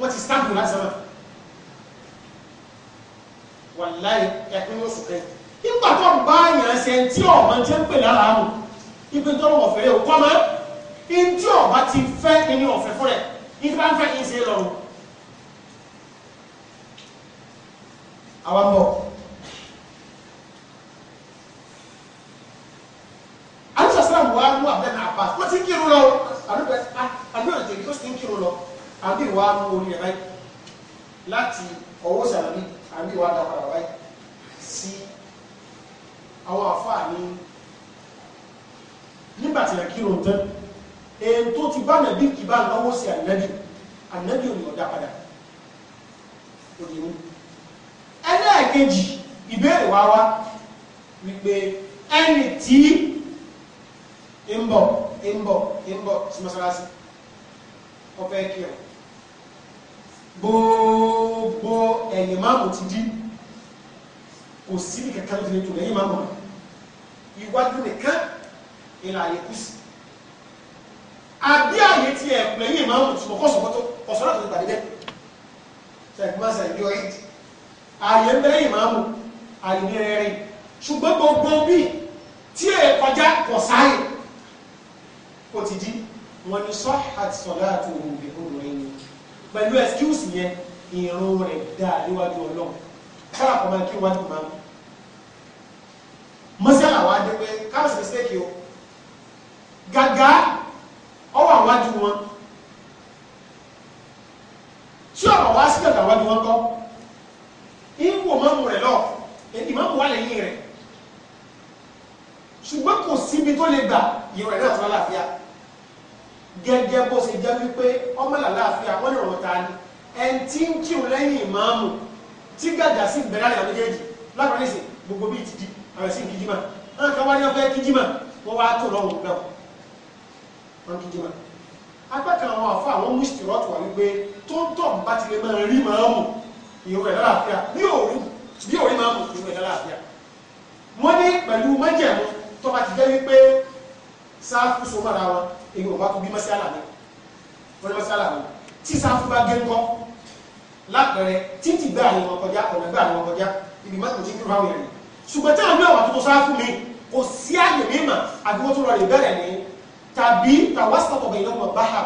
wọ́n ti sáàpù lásán náà wàláì ẹkún yóò sùn kẹ́yìn nígbà tó ń bá yàn ṣe ń tí ọ̀mọ ti ń pè lára mu ibi tó ń wọ̀ fẹ́rẹ́ òkú ọmọ ń tí ọ̀bá ti fẹ́ ẹni ọ̀fẹ́ fún rẹ̀ ibi bá ń fẹ́ kí n ṣe é lọ́rùn. àwa ń bọ̀. alisa sara wa mú abdul abba ó ti ń kírun lọ àdúrà ah, tèmi ó sì ń kírun lọ àbí wa mú orí ẹ̀ báyìí láti ọwọ́ sàlámì àbí ìwà dàpadà báyìí sí àwọn àfáà ní nígbàtí àkírun tán èyí tó ti bá nàbí kì bá lọ́wọ́ sí ànábì ànábì ò ní ọ̀dà padà òdìmú ẹlẹ́ẹ̀kejì ìbéèrè wá wá wípé ẹni tí ń bọ̀ ń bọ̀ ń bọ̀ sí mọ́sálásí ọ̀fẹ́ kírun gbogbo ẹ̀yìn máàmù ti dí kò sí ní kẹ̀kẹ́ ló ti lè tò lẹ́yìn máàmù rẹ̀ ìwájú nìkan ìlà àyè kù sí àbí àyè tí ẹ̀ lẹ́yìn máàmù ṣùgbọ́n kọ́sọ̀kọ́tọ̀ ọ̀sọ̀rọ̀ tó ti gbàdé bẹ́ẹ̀ sẹ̀kúmọ́sẹ̀ ìjọ ẹ̀dì àyè ń bẹ́yìn máàmù àyè ní rẹ̀ rìn ṣùgbọ́n gbogbo bíi tí ẹ̀ kọjá kọ̀ sáyè kò ti di wọn ni sọ́hàtì sọ̀lá àti òun ìgbẹ́ pẹ̀lú excuse yẹn ìrun rẹ̀ dáa níwájú ọlọ́run kára kọ́ máa kí wájú máa mọ́sálà wá dé pé káàsì mistake o gàgà ọwọ́ àwájú wọn tí ọ̀rọ̀ wá sí gàgà wájú wọn kọ́ ìwò mọ́mù rẹ̀ lọ ìmọ̀mù wà lẹ́yìn rẹ̀ ṣùgbọ́n kò síbi tó lè gbà ìrọ̀ ẹ̀ náà tó lálàáfíà gẹ́gẹ́ bó ṣe jẹ́ wípé ọmọlàlá àfihàn wọ́n lè rọ̀ ta ni ẹni tí ń kírun lẹ́yìn ìmáàmù tí gàgà sí ìbẹ̀rẹ̀ àyà méjèèjì lápapọ̀ nísìn gbogbo bíi ti di àrẹ̀ sí kìjìmá náà ká wá ní ọ̀fẹ́ kìjìmá wọ́n wá tó lọ́wọ́ gbà wọn kìjìmá. apá kan àwọn àfa àwọn mùsùlùmí rọ̀ tó wà wípé tó ń tọ̀ bá ti lè máa rí màámù ìrù ẹ̀ lálàáfíà bí òru bí òru màámù ìrù ẹ̀ lálàáfíà. wọ́n ní sáfù so mọ́ra wọn èyí ò bá tún bí mọ́sálà mi wọ́n ní mọ́sálà mi tí sáfù bá gé ńkọ́ lápẹẹrẹ títì gbá àwọn ọmọ kọjá ọ̀nà gbá àwọn ọmọ kọjá ibi mọ́tò tí ń dúró àwọn èèyàn ṣùgbọ́n tí àwọn àwọn àtúntò sáfù mi kò sí àyè mímọ̀ àbí wọ́n tún lọ rè bẹ̀rẹ̀ ní tàbí tàwásítọ̀tọ̀ bẹ̀yìn lọ́mọ báhà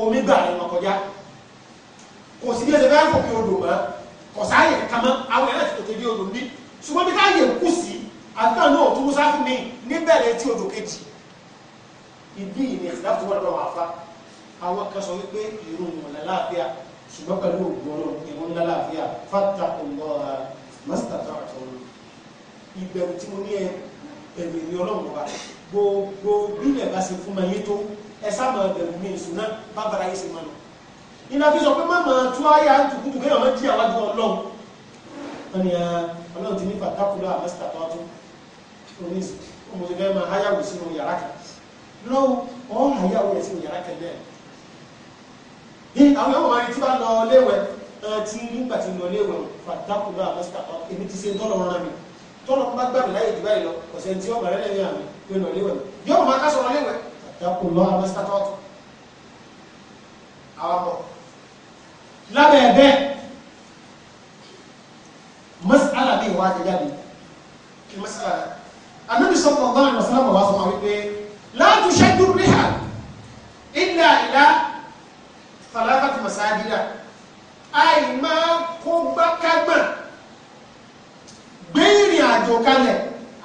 omi gbà àwọn ọmọ kọjá kò sí bí ẹsẹ̀ bẹ́ẹ̀ fọ̀ pé odò mọ́ kò sáyè kamọ́ àwọn ẹ̀rẹ́ tètè bí odò ní ṣùgbọ́n bí káyè kù sí àtúntò ibi ìní ìdáàbò wọn lọ́wọ́ àfa àwọn kan sọ wípé ìrun wọn lálàáfíà ṣùgbọ́n pẹ̀lú òògùn ọlọ́run ìrun lálàáfíà fattaqullaha mastata'tum ìbẹ̀rù tí mo ní ẹ bẹ̀rù ìní ọlọ́run wa gbogbo bílẹ̀ bá ṣe fún ma yé tó ẹ sábà bẹ̀rù mi ìṣúná bábara yìí ṣe máa nù iná fi sọ pé má máa tú ayé àtùkùtù kéèyàn má jí àwájú ọlọ́run wọn ni ah, ọlọ́run ti ní fattaqullaha mastata'tum oníṣ lọ́wọ́ ọ́ àyàwó rẹ̀ sínú yàrá kẹlẹ́ ẹ̀ àwọn ọmọ rẹ̀ tí bá lọ léwẹ̀ tí nígbà tí lọ léwẹ̀ fàdákùnrin àmọ́síkà èmi ti ṣe tọ́lọ̀ rán mi tọ́lọ̀ bá gbà mí láyé ìdìbà ìlọ ọ̀sẹ̀ tí ọmọ rẹ̀ lẹ́yìn àmì yóò lọ léwẹ̀ yóò máa ká sọ̀rọ̀ léwẹ̀ fàdákùnrin àmọ́síkà tọ́tù awakọ̀ lábẹ́ ẹ̀bẹ́ mas'ala mi wá jẹ́ jáde kí mas'ala anábìsọ̀ kọ̀ọ̀kan àlọ́sọ́lá لا تشد الرحال إلا إلى ثلاثة مساجد أي ما قب كما بيري أجوكالي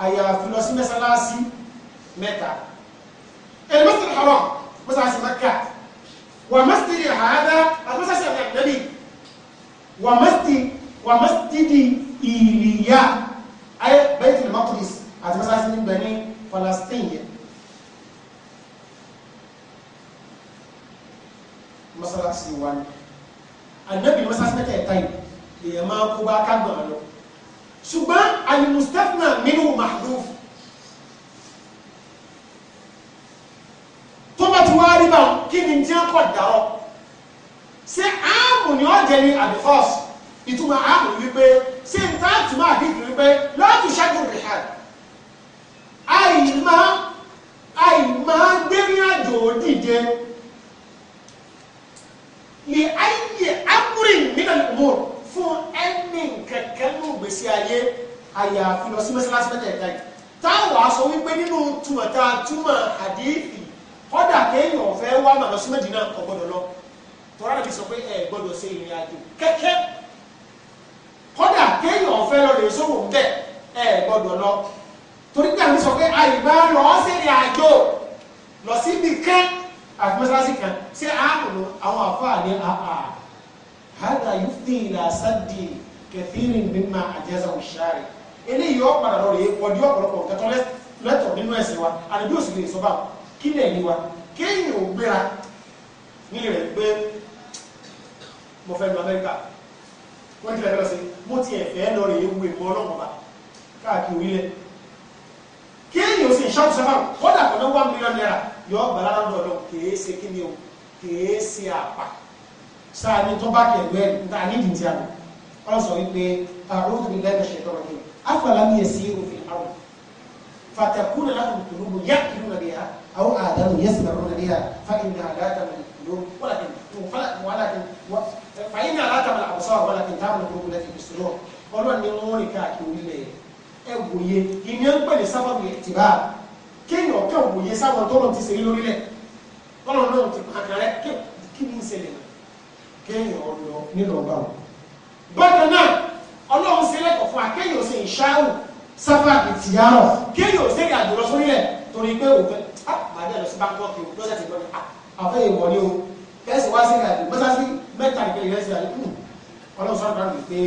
أي فلوس مسلاسي متى المسجد الحرام مسجد مكة ومسجد هذا المسجد النبي ومسجد ومسجد إيليا أي بيت المقدس هذا مسجد بني فلسطين mọ́sálásí wa ni ànábì mọ́sálásí mẹ́tẹ̀ẹ̀ta yìí èèyàn máa kó bá ká gbọ̀n lọ ṣùgbọ́n alimustathna minhu mahduf tó bá ti wá rí bá kí ni jẹ́ kọ̀ dárọ́ ṣé ààmù ni ó jẹ ní àbífọ́s ìtumọ̀ ààmù wípé ṣé n ta lọ rèé wọ́n di ọ̀pọ̀lọpọ̀ kẹtọ́ lẹ́tọ̀ nínú ẹ̀sìn wa àdébí òsì lè sọ́bà kí lè ní wa kéèyàn ò gbéra nílé rẹ̀ pé mo fẹ́ lọ Amẹ́ríkà wọ́n ti lẹ́tọ̀ sí mo ti ẹ̀fẹ́ lọ rèé wo èkó ọlọ́mọba káàkiri orílẹ̀ kéèyàn ò sì ń ṣọ́ọ̀bù sọ́fà kódà kọ́ lọ́wọ́ mílíọ̀nù náírà yọ ọ̀gbàlá lọ́dọọdọ kèé ṣe kí ni o kèé ṣe àpà sáà ní tó bá kẹ̀gbẹ́ ní ta ní ìdìtì àná ọlọ́sọ̀ wípé àrùn tó fi lẹ́nu ṣètọ́ afalam yasiru fil ardh فتكون لهم قلوب يعقلون بها او اذان يسمعون بها فانها لا تعمل القلوب ولكن ولكن فانها لا تعمل الابصار ولكن تعمل القلوب التي في الصدور قالوا ان يموني كاكيو لله ewòye ìní ń pè ní sábàbù ìtìbá kéèyàn kẹ́ òwòye sábàbù tó lọ́n ti ṣe lórílẹ̀ ọlọ́run náà ti pàkà rẹ kí ni ń ṣẹlẹ̀ kéèyàn lọ nílò ọba wọn. bákan náà ọlọ́run ṣe lẹ́kọ̀ọ́ fún wa kéèyàn ò ṣe ìṣáàrù sáfà ìtìyàrọ̀ kéèyàn ò ṣe ìrìn àjò lọ sórílẹ̀ torí pé òun fẹ́ ah màá dẹ̀ lọ sí bangkok o lọ́sẹ̀ tí gbọ́dọ̀ ah àwọn fẹ́ ìwọ ni o kẹ́sì wá sí ìrìn àjò mọ́sáàsì mẹ́ta ìpínlẹ̀ yẹn sí àdínkù ọlọ́run sọ̀rọ̀ kan wípé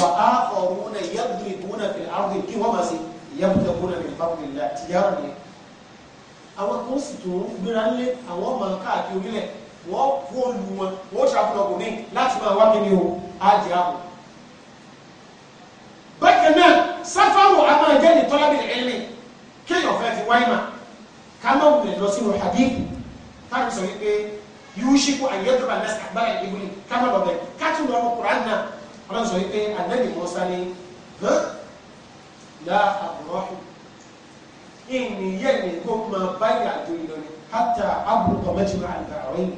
wà á ọ̀run náà yẹ́bùdú ìbùnà fìlà àwọn èkí wọ́n máa ṣe yẹ́bùdú ìbùnà fìlà ni o á bákan náà sáfàrò a máa jẹ́ nìtọ́lá bí ẹ̀mí kéèyàn fẹ́ fi wáyé mà ká má wulẹ̀ lọ sínú hadithu táwọn sọ wípé yóò ṣíkú àyẹ̀dọ̀bà nẹ́sà agbára ìdíbùnì ká má lọ bẹ̀ ká tún lọ ọmọ kùrán náà ọlọ́run sọ wípé ànábì mọ́sá ni la àbúrọ́hù ìnìyẹn ní kó máa báyìí àjò ìlọrin hátà àbúrò tọ́mẹ́tì rà àgbà rẹ̀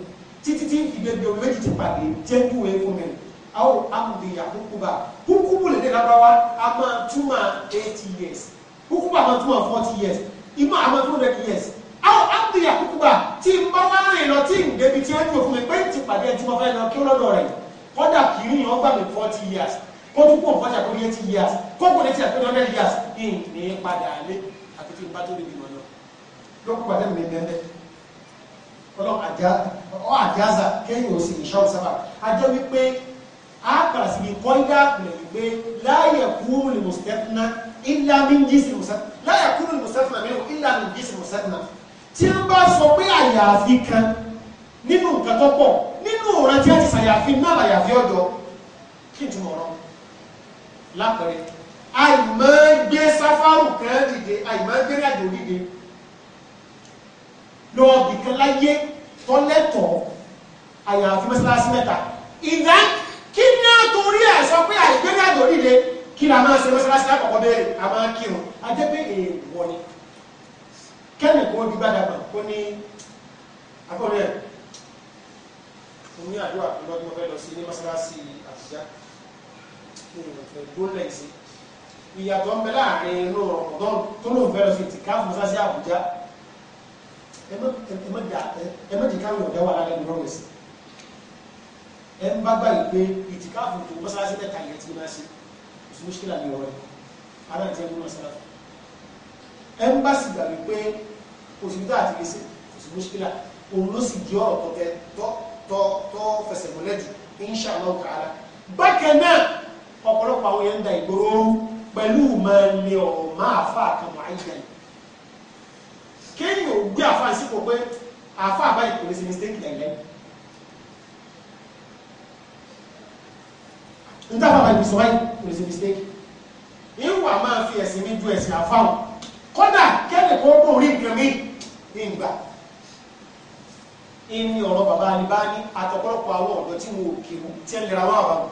títí tí ìgbẹ́gbẹ́ méjì ti pàdé jẹ́jú ẹ̀ fún mi aw amdiya hukuba hukubu lè dé labawa a máa túmọ̀ eighty years hukuba a máa túmọ̀ forty years imú a máa túmọ̀ hundred years aw amdiya hukuba tí n bá wá rìn lọ tí n débi tí ẹ dúró fún mi pé ti pàdé ẹ tí mo fẹ́ lọ kí ó lọ́dọ̀ rẹ̀ kọ́dà kìíní yẹn ó gbà mí forty years kó tún pọ̀ nǹkan ṣàkóso eighty years kó kò ní ti àkóso hundred years ní padà lé àti tí n bá tó débi mọ́ lọ lọ́kùnrin pàdé mi lẹ́lẹ́ ọlọ́ àjáza kéèyàn ò sì ní ṣọ́ọ̀ sábà ajẹ́ wípé a padà sí ní kọ́ńdà àpìlẹ̀ wípé láyẹ̀ kúrú ní mùsùlùmí ilá mi ń jísì mùsùlùmí láyẹ̀ kúrú ní mùsùlùmí mi ilá mi ń jísì mùsùlùmí tí ń bá sọ pé àyàfi kan nínú nǹkan tó pọ̀ nínú ọ̀ràn tí a ti sàyàfi náà àyàfi ọ̀dọ̀ kí n túmọ̀ ọ̀rọ̀ lápẹ̀rẹ̀ àìmọ́ sáfárù kan dìde àìmọ́ gbé dìde lọ bìkan láyé tọ́lẹ́tọ̀ àyàfi mọ́sálásí mẹ́ta ìdá kí ní àtúrí ẹ̀ sọ pé àìgbéga lórí ilé kí ni a máa ṣe mọ́sálásí lákọ̀ọ́kọ́ bẹ́ẹ̀rẹ̀ a máa kírun a jẹ́ pé èèwọ̀ ni kẹ́mi kò bí gbàdàgbà kó ní akọ́ni ẹ̀ mo ní àdúrà lọ́dún tí mo fẹ́ lọ sí ní mọ́sálásí Àbújá mi ò fẹ́ gbólẹ̀ sí ìyàtọ̀ ń bẹ láàrin inú ọ̀dọ́n tó lóun fẹ́ lọ sí ìtìkáfù mọ́sálásí Àbújá ẹ má jìká mi ò dá wà ẹ ń bá gbàgbé pé ìtìkáàfù tó mọ́sálásí mẹ́ta yẹn ti máa ṣe oṣù mọ́ṣíkìlà ní ọ̀rẹ́ ara ìtẹ́ mú mọ́sálásí ẹ ń bá sì gbàgbé pé oṣù tó àti lè ṣe oṣù mọ́ṣíkìlà òun ló sì jẹ́ ọ̀rọ̀ tọ́tẹ tọ́ fẹsẹ̀ mọ́lẹ̀ jù insha Allah ta'ala bákan náà ọ̀pọ̀lọpọ̀ àwọn yẹn ń da ìgboro pẹ̀lú máa ní ọ̀rọ̀ máa fà kan wáyé yẹn kéèyàn ò gbé àfáà sípò pé àfáà báyìí kò lè ṣe mistake nàìjíríà níta bàbá ìbísọ̀ wáyé kò lè ṣe mistake ìwà máa fi ẹ̀sìn mi ju ẹ̀sìn àfáwọn kódà kẹ́lẹ̀ kó bò rí nǹkan mi ìgbà ìní ọ̀rọ̀ bàbá ni bá ní àtọ̀pọ̀lọpọ̀ àwọn ọ̀dọ́ tí wọn ò kírù tí ẹ lera wọn àwọn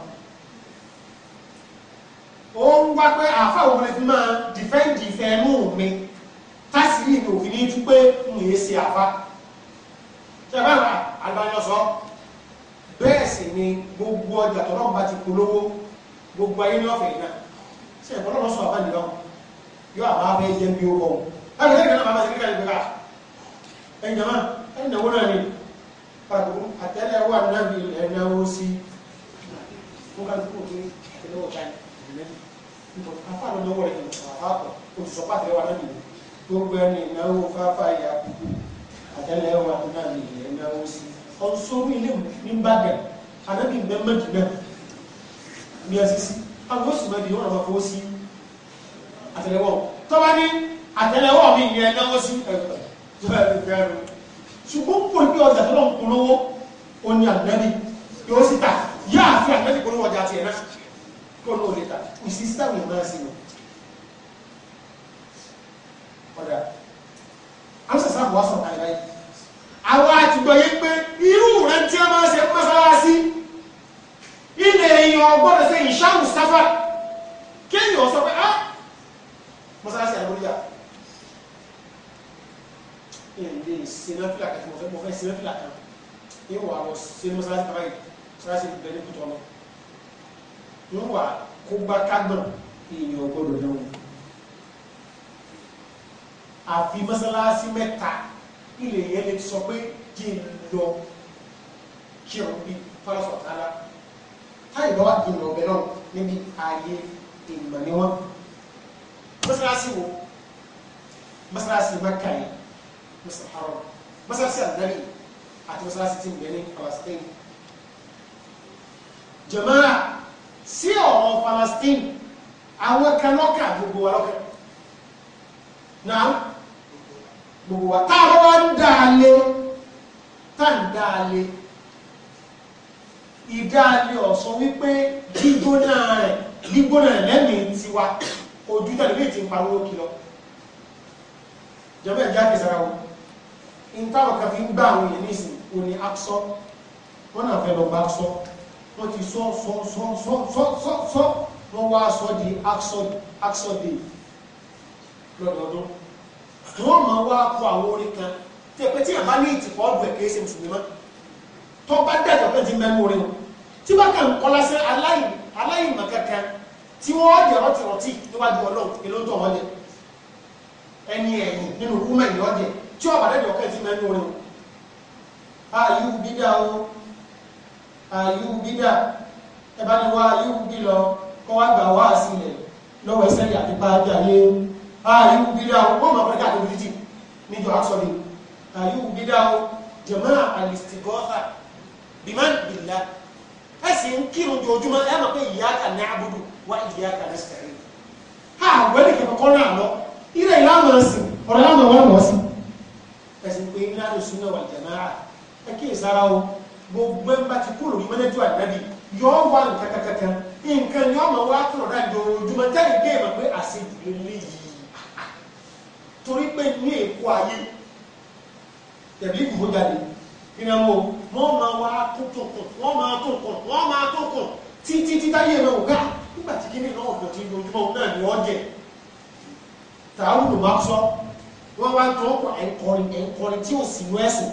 ó ń wá pé àfáà òun fi máa dìfẹ́ǹdì ìfẹ́ ẹnu mi tásìlì mi ò fi ní tú pé mo yé ṣe àfá ṣe bá àgbà ni ọ̀sán bẹ́ẹ̀ sì ni gbogbo ọjà tọ́lọ́run bá ti polówó gbogbo ayé ní ọ̀fẹ́ yìí náà ṣe ẹ̀kọ́ lọ́wọ́ sọ àbá nìyọ yọ àbá abẹ́ yẹ bí ó kọ́ láti lẹ́yìn náà bàbá sí kíkà ìgbéga ẹ̀yìn náà ẹ̀yìn náà wọ́n náà ni pàtó àtẹ́lẹ̀ wà náà bí ẹ̀náwó sí fún kálukú òkè ẹ̀lẹ́wọ̀ táyì nítorí afá ló lọ́wọ́ rẹ̀ àpapọ̀ òṣìṣọ́ pàtẹ́ wà náà nìyẹn gbogbo ẹni ìnáwó fáfá ìyá àtẹ́lẹ̀ ọ̀nsoru ilé ní bàgà ànábì mẹ́mẹ́ jìnnà ní asisi àwọn oṣù mẹ́rin wọn àwọn afọwọ́sí àtẹ́lẹwọ́ tọ́ba ní àtẹ́lẹwọ́ mi yẹn náwó sí ẹ̀fẹ̀ ṣùgbọ́n kò ní ọjà tó lọ́n polówó ó ní ànábì yóò sì ta yá àfi ànábì polówó ọjà tiẹ̀ náà kó ló lè ta ìsísí táwọn ìmọ̀ ẹ̀sìn wọn. ọ̀dà àwọn sàṣà àwọn wá sọ̀rọ̀ àyè báyìí àwa àtìgbọ̀ yé pé irú rẹ̀ tí a máa ṣe mọ́sálásí ilẹ̀ èèyàn ọgbọ́dọ̀ ṣe ìṣáhùn sáfà kéèyàn sọ pé ah mọ́sálásí àlóríyà èdè sinafila kan tí mo fẹ́ mo fẹ́ sinafila sí mọ́sálásí mẹ́ta ilẹ̀ yẹn lè sọ pé kí n lọ kí ọ̀run bí fọlọ́sọ̀ tààrà táyì lọ́wọ́ kí n lọ ọbẹ̀ náà níbi ààyè ìgbà ni wọ́n. mọ́sálásí wo mọ́sálásí mẹ́kà yìí mọ́sálásí haram mọ́sálásí àdáni àti mọ́sálásí tí ń bẹ ní Palestine. jàmáà sí ọ̀rọ̀ Palestine àwọn kan lọ́kà gbogbo wa lọ́kà náà gbogbo wa táwọn wá ń dá a lé tá ń dá a lé ìdáalé ọ̀sán wípé gbígbóná rẹ̀ gbígbóná rẹ̀ lẹ́mìí tiwa ojú tẹ̀lé bí ti ń parí ó kìlọ̀ jọba ìjà kìsára wọn ní táwọn kan fi ń gbá àwọn èèyàn nísìn kò ní aksọ wọn náà fẹ́ lọ gba aksọ wọn ti sọ sọ sọ sọ sọ sọ sọ wọn wá sọ di aksọ aksọ dé lọ́dọọdún wọ́n máa wá kó àwọn orin kan tí ẹ pé tí àbá ní ìtìpọ̀ ọdún ẹ̀ kìí mùsùlùmí mọ́ tó bá dẹ̀tọ̀ pé ti mẹ́nu orin wọn tí bá kàn kọ́ lásán aláìmọ̀ kankan tí wọ́n jẹ́ rọ́tìrọ́tì níwájú ọlọ́run èló tó wọ́n jẹ ẹni ẹ̀yìn nínú rúmọ̀ ìlú ọ̀jẹ̀ tí ọba dẹ̀tọ̀ pé ti mẹ́nu orin wọn. ayú bídà o ayú bídà ẹ bá ní wá ayú bí lọ kọ́ ààyè bídá wọ́n ma pẹ̀lú àti bídí níjọ àṣọ́lẹ̀ ààyè bídá jẹ̀mọ́ àlìsìtìgọ́fà bímán bìlá ẹ̀sìn ń kírun jojúmọ́ ẹ̀ máa pé ìyáka ní abudu wá ìyáka ní sẹ̀rí ha wẹ́lẹ̀ kẹ̀kọ́ kọ́ náà lọ ilẹ̀ ìlànà sí ọ̀rọ̀ ìlànà wọn lọ sí ẹ̀sìn pé iná ló sún náà wà jẹ̀mọ́ ẹ kí ìsára o gbogbo ẹ̀ ń bá ti kúrò ní mẹ́lẹ́jọ́ àdábì yọ wà nǹkan kankan nǹkan ni ọmọ wa kúrò náà jojúmọ́ tẹ́lẹ̀ dé ìmọ̀ pé àṣejù lè léyìí torí pé ní èkó ayé tẹ̀lé ìgbòho jáde ìrànwọ́ wọ́n máa wá tuntun wọ́n máa tuntun wọ́n máa tuntun títí títáyé rẹ̀ ò gá nígbà tí kí ní náà ọ̀pọ̀ tí ojúmọ́ náà ni wọ́n jẹ tààrùn ló máa sọ wọ́n wá tó ọ̀pọ̀ ẹ̀ǹkọrin ẹ̀ǹkọrin tí ò sì mú ẹ̀sìn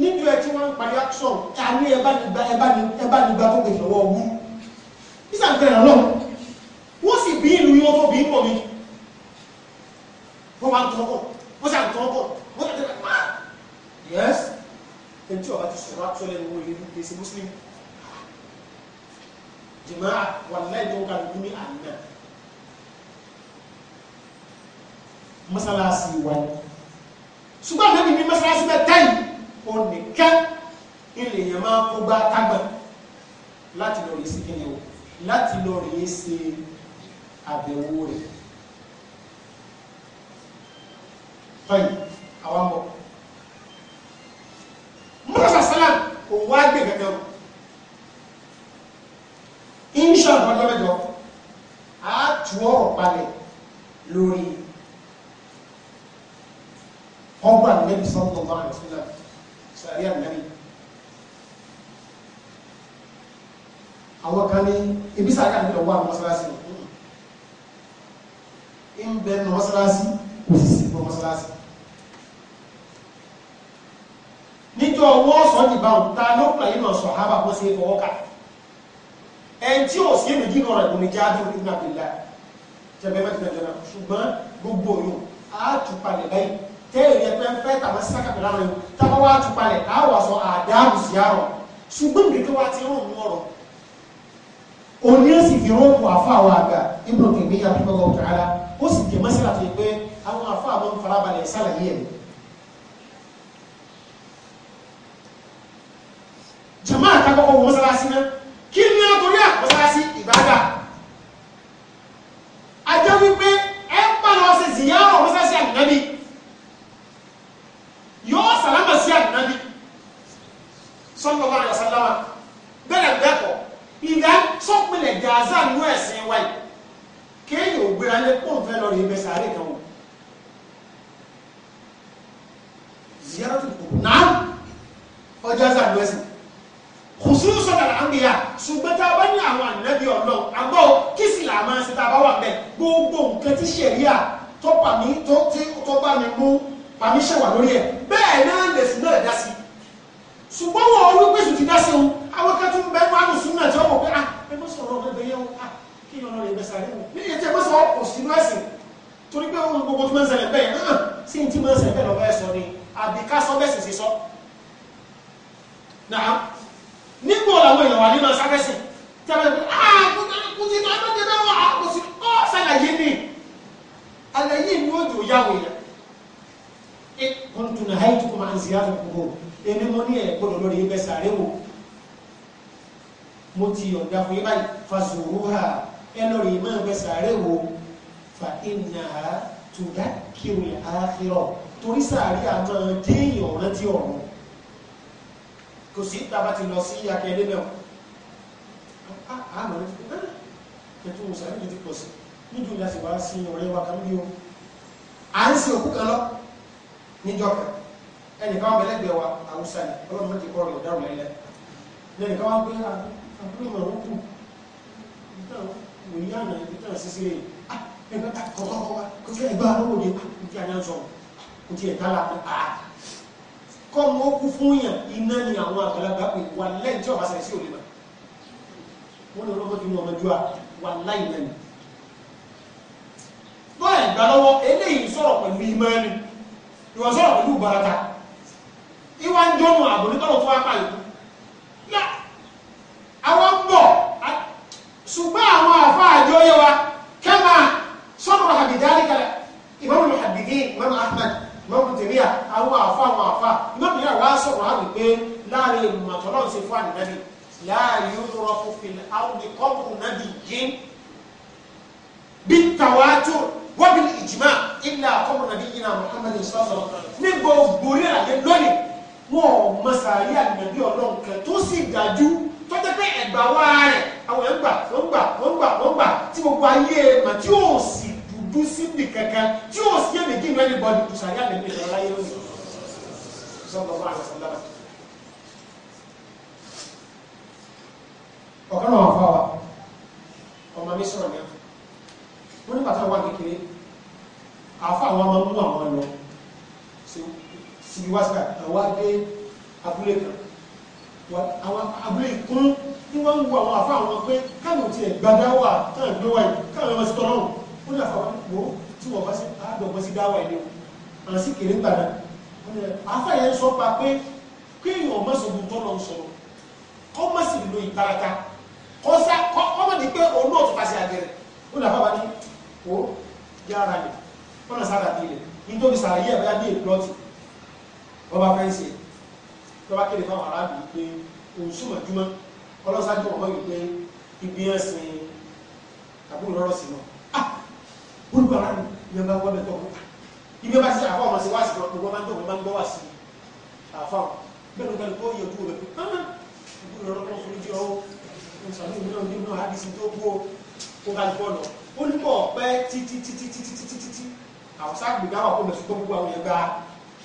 níbi ẹ̀ tí wọ́n ń parí action ká ní ẹbánigba tó gbèsè lọ́wọ́ wú nísàǹkẹrẹ lọ́wọ́ wọ́n sì bí ìlú yóò tó bí ń pọ̀ mi wọ́n wá tọ́ ọkọ̀ wọ́n sà tọ́ ọkọ̀ wọ́n tẹ̀ tẹ̀ máa yẹ́s ẹni tí muslim jìmọ́ wàlẹ́ ìdánwò kan ní àná mọ́sálásí wa ni ṣùgbọ́n àná mi ní mọ́sálásí bẹ́ẹ̀ táyì ò nìkan ilé yẹn máa kó gbá tágbọ̀n láti lọ rèé fine àwọn àbọ̀ mọ́sà sálàm kò wá gbé gẹ́gẹ́ o insha Allah lọ́mẹjọ á tú ọ̀rọ̀ balẹ̀ lórí ọgbà nẹ́bí sallallahu alaihi wasallam sàrí ànẹ́bí àwọn kan ní ibi sàrí ànẹ́bí lọ́wọ́ àwọn mọ́sálásí ń bẹ́ẹ̀ mọ́sálásí kò sì sí níjọ́ wọ́n sọ dìbà òun ta ló pè nínú ọ̀sọ̀ hábà bó ṣe fọwọ́ kà ẹn tí ò sí èmi jìnnà rẹ̀ kò ní jáde òun nígbà pèlá jẹ́bẹ́ mẹ́tìlẹ̀ jẹ́nà ṣùgbọ́n gbogbo òyìn á tùpalẹ̀ báyìí tẹ́lẹ̀ yẹn pẹ́ fẹ́ tàbí sáka pẹ̀lú àwọn ẹ̀yìn tábà wá tùpalẹ̀ á wà sọ àdáàbò sí àrọ̀ ṣùgbọ́n gbèdéke wa ti rún òun ọ̀rọ̀ òní ó sì fi rọ́ọ̀mù àfa àwọn àgbà ibùdókè ìgbéyàwó tó lọ́wọ́ tààlà ó sì jẹ́ mọ́sálà tó yẹ pé àwọn àfa àwọn farabalẹ̀ sálàyé ẹ̀ kọ́kọ́ wọ́n mọ́sálásí náà kí ní àtòrí àpọ́sálásí ìbádà ajẹ́ wípé ẹ ń pa lọ sí ziyarọ̀ mọ́sálásí ànábì yóò sàlámà sí ànábì sallallahu alaihi wasallam bẹ́ẹ̀ bẹ́ẹ̀kọ́ ìdá sọ́pìnlẹ̀ gàzà nú ẹ̀sìn wáyé kéèyàn ògbéra lé pọ́ǹfẹ́ lọ rí mẹ́sàárì kan wọ̀ ziyarọ̀ tó kù náà ọjà zàdúrẹ́sìn kùsùsùn nàlà àǹbìyà ṣùgbọ́n tá a bá ní àwọn ànábì ọ̀lọ́ àgbọ̀ kí sì là máa ṣe tá a bá wà bẹ́ẹ̀ gbogbo nǹkan tí ṣẹ̀ríà tó pàmí tó tí tó bá mi mú pàmí ṣẹ̀wà lórí ẹ̀ bẹ́ẹ̀ náà lè sùn náà dá sí i ṣùgbọ́n wọn orí pé sùn ti dá sí òun àwọn kan tún bẹ́ẹ̀ máa lù sùn náà tí wọ́n mọ̀ pé ah ẹ mọ̀ sọ̀rọ̀ ọ̀gbẹ̀gbẹ̀ yẹn o ah kí ni ọ̀nà rẹ̀ bẹ̀ sàrẹ̀ o ní ìyẹn tí ẹ mọ̀ sọ kò sí lọ́ọ̀sì torí pé ohun gbogbo tó máa ń ṣẹlẹ̀ bẹ́ẹ̀ hàn sí ní tí máa ń ṣẹlẹ̀ bẹ́ẹ̀ ah, nígbò làwọn èèyàn wà nínú sáfẹ́sì tí a bá yẹ kó aa kò sí náà lóde náà wà kò sí ọ́ sàlàyé ni àlàyé ni ó jò yá wò yẹ ẹ kọ́ńtù náà háyìí tukùmá ń ziyá fún kúrò èmi mo ní ẹ̀ gbọ́dọ̀ lórí ibẹ̀ sàré wò mo ti yọ̀ǹda fún yín báyìí fasòwò ha ẹ lórí ibẹ̀ ibẹ̀ sàré wò fa ìnà tùdá kiri àkìrọ̀ torí sàré àmọ́ déèyàn rántí ọ̀run kò sí tàbá ti lọ sí akẹ́lé náà ah, ah, àmọ́ ní ti pẹ́ ẹ̀tún mùsàlùmí lè ti pọ̀ sí níjú ìlà sì wá sí ọ̀rẹ́ wa kan bí o à ń sin òkú kan lọ níjọ kan ẹnì kan bẹ lẹ́gbẹ̀ẹ́ wa àwùsá ni ọlọ́run mẹ́tì kọ́ ọ̀rọ̀ ìdáhùn lẹ́lẹ́ lẹ́nì kan wá gbé ah, àbúrò mọ̀ ọ́n kù wòye àná ibi tán sísè ẹ̀ka kọ̀ọ̀kọ̀ wa kò tí ẹ̀ gbá ni kò tí ẹ̀ náà sọ kò tí ẹ̀ tá kọ́ mọ́ kú fún yàn iná ni àwọn àgbàlagbà pé wà lẹ́yìn tí ọba sẹ̀rẹ̀ sí òlè mà wọ́n ní ọlọ́gbọ́n fi mú ọmọdé wa wà láì náà ni bọ́ọ̀ ìgbà lọ́wọ́ eléyìí sọ̀rọ̀ pẹ̀lú ìmọ̀ẹ́ni ìwà sọ̀rọ̀ pẹ̀lú ìbarata ìwà ń jọ́nu àbò nítorí fún apá yìí yá àwọn ń bọ̀ ṣùgbọ́n àwọn àfa àjọ yẹ wa kẹ́mà sọ̀rọ̀ àbìdá nìkan ìmọ̀mù àbìdí ìmọ̀mù mọ́kùtìríà àwọn àfa àwọn àfa ìmọ̀bìnrin àwọn aṣọ̀rọ̀ hàn pé láàrin ìmọ̀ tọ́lọ́ ṣe fún ànínábì láàrin olùrọ̀ fòfin àwùjọ kọ́kùnrin náà di yín bí tàwátò wọ́n bí ìjìmá ilẹ̀ àkọ́kùnrin náà di yín náà Muhammad sọ́sọ́ ní gbogbo orí àyè lónìí wọn ò mọ̀sàárì ànínábì ọlọ́run kan tó sì dájú tó jẹ́ pé ẹ̀gbà wá rẹ̀ àwọn ẹ̀ ń gbà wọ́n gbà gbà tí gbogbo ayé mà tí Do síbi kankan tí ó sì yé mi kí n rẹ́ni bọ́ọ̀lù kùsà ní àlẹ́ mi lọ́la yé lónìí sọ́kọ̀ bá àlọ́ sọ́lá. ọ̀kan náà wà fáwà ọmọ mi sọ̀rọ̀ ní àfọ̀ wọ́n ní pàtàkì wà kékeré àfọ̀ àwọn ọmọ mú àwọn lọ sí wáṣíkà àwọn adé abúlé kan àwọn abúlé kún ní wọ́n ń wo àwọn àfọ̀ àwọn pé káàmù tiẹ̀ gbadáwà káàmù gbé wáyé káàmù ẹmọ sí tọ́lọ́rùn ó nà fáwọn wo tí wọ́n bá sí àádọ́gbọ́n sí dáwà ilé wọn àti kéré gbà náà afáyẹ ń sọ pa pé kéèyàn ọmọ sọ̀rọ̀ tó lọ sọ̀rọ̀ kọ́ má sì lo ìparata kọ́ sá kọ́ má di pé òun náà tó fàṣẹ àgẹ̀rẹ̀ ó nà fáwọn ní wo yára lè ó nà sára bí ilẹ̀ nítorí sàlàyé ẹ̀ bá dé ìplọ́tì ọba fẹ́ǹsì tọ́ba kéde fáwọn aráàlú pé òun súnmọ̀ júmọ́ ọlọ́sàájú ọ̀pọ̀ yìí pé ibi ẹ̀sìn àbúrò lọ́rọ̀ sí náà olùbàrà ni ìyẹn bá wọ́n bẹ tọ́ ibi bá sí àfọ ọmọ sí wáàsí lọ gbogbo máa ń tọ́ gbogbo máa ń gbọ́ wáàsí àfọ bẹ́ẹ̀ ló kó yẹ dúró bẹ́ẹ̀ pé ìlú ọlọ́pàá fún ìjọ ó ìsàlẹ̀ ìlú náà nínú àdìsí tó gbó ó bá gbọ́ lọ ó ní kọ́ ọ̀pẹ́ títí títí títí títí títí àwọn sáàgbè dáwà kó mẹ̀sùn tó gbogbo àwọn yẹn gba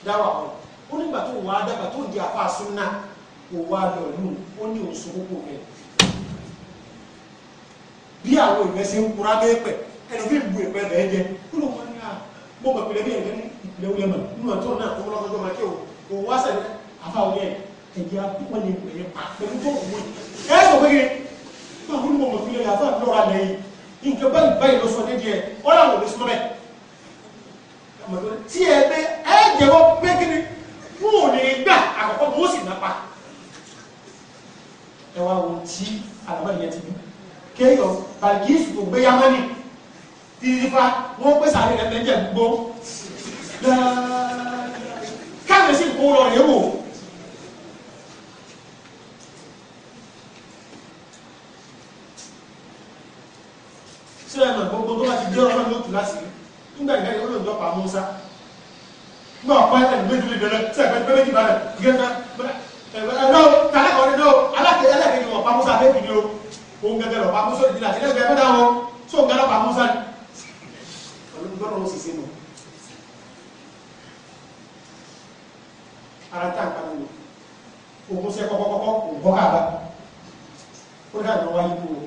dáwà wọn ó nígbà tó wà á dàgbà tó bí àwọn ìrẹsì ń kura bẹ́ẹ̀ pẹ̀ ẹlòmíì bu ẹ̀pẹ́ bẹ́ẹ̀ jẹ kúrò wọn ní à mo mọ̀ pẹ̀lẹ́ bí ẹ̀jẹ̀ ní ìpìlẹ̀ wúlẹ̀ mọ̀ nínú ọ̀tún náà tó lọ́kọ́jọ́ máa kí o kò wá sẹ̀lẹ̀ àfa òní ẹ̀ ẹ̀jẹ̀ àpúpọ̀ ní ìpìlẹ̀ yẹn pa pẹ̀lú tó wù ẹ̀ sọ pé máa wúlò mọ̀ pẹ̀lẹ́ àfa lọ́ra lẹ́yìn nǹkan báyìí báyìí lọ sọ dédìí ẹ̀ ọ̀là wò lè súnmọ́ bẹ́ẹ̀ tí ẹ bẹ ẹ jẹ́wọ́ pé kí ni fún òní gbà àkọ́kọ́ mo sì nápa ẹ wá wo tí àlàbà yẹn ti bí kéèyàn bàgíìsù tó gbéyàmọ́ ni ìyípa wọ́n pèsè àrẹ rẹ̀ lẹ́jẹ̀ gbogbo káàmì sí kó lọ rèé wò. ṣé ẹ mọ̀ gbogbo tó bá ti jẹ́ ọlọ́run ló tù láti nígbà ìgbà yìí ó lè dọ́pọ̀ amúnsá nígbà ọ̀pọ̀ ẹ̀ méjì lè bẹ̀rẹ̀ sí ẹ̀fẹ̀ pé méjì balẹ̀ gẹ́gẹ́ ẹ̀rọ kàlẹ́kọ̀ọ́rẹ́ náà alákẹ́ ẹlẹ́kẹ́ ni ọ̀pá amúnsá bẹ́ẹ̀ kì ni o òun gẹ́gẹ́ lọ̀pá amúnsá ìdílé àti ẹlẹ́gbẹ̀ẹ́ mẹ́ta wọn tó ń gẹ́lọ́pàá ni olùgbọ́nà ó sì sínú ara tá àpá nínú òun sẹ kọ́kọ́kọ́kọ́ òun kọ́ káàbá ó dà lọ wáyé kúrò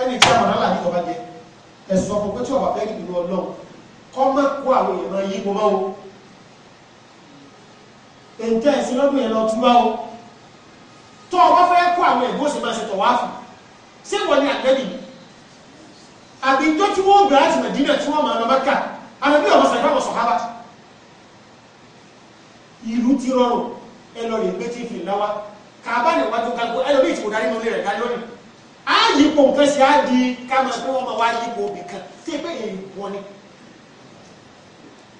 ẹni tí a mọ̀ lálàá nígbà bá jẹ ẹ̀sùn ọkọ̀ pé tí ọba fẹ́ rí ìlú ọlọ́run kọ́ má kó àwọn èèyàn máa yí gbọmọ o ẹ̀ǹtẹ́ ẹ̀sìn lọ́dún yẹn lọ túbá o tó ọba fẹ́ kó àwọn ẹ̀gbọ́n sì máa ṣe tọ̀wáfù ṣé wọ́n ní àgbẹ̀bì àbíjọ́ tí wọ́n gbà láti Mẹ̀dínà tí wọ́n máa lọ Mẹ́kà àbẹ̀bí ọmọ sàgbà wọ̀ sọ̀hábà ìlú ti rọrùn ẹ lọ rè gbé tí fi láwá kàbá ní wájú kagbó ẹ lọ bí ìtìkò darí mọ́lẹ̀ rẹ̀ dá lónìí á yípo nǹkan sí á di káma pé wọ́n máa wá yípo òbí kan tí pé èyí wọ́n ni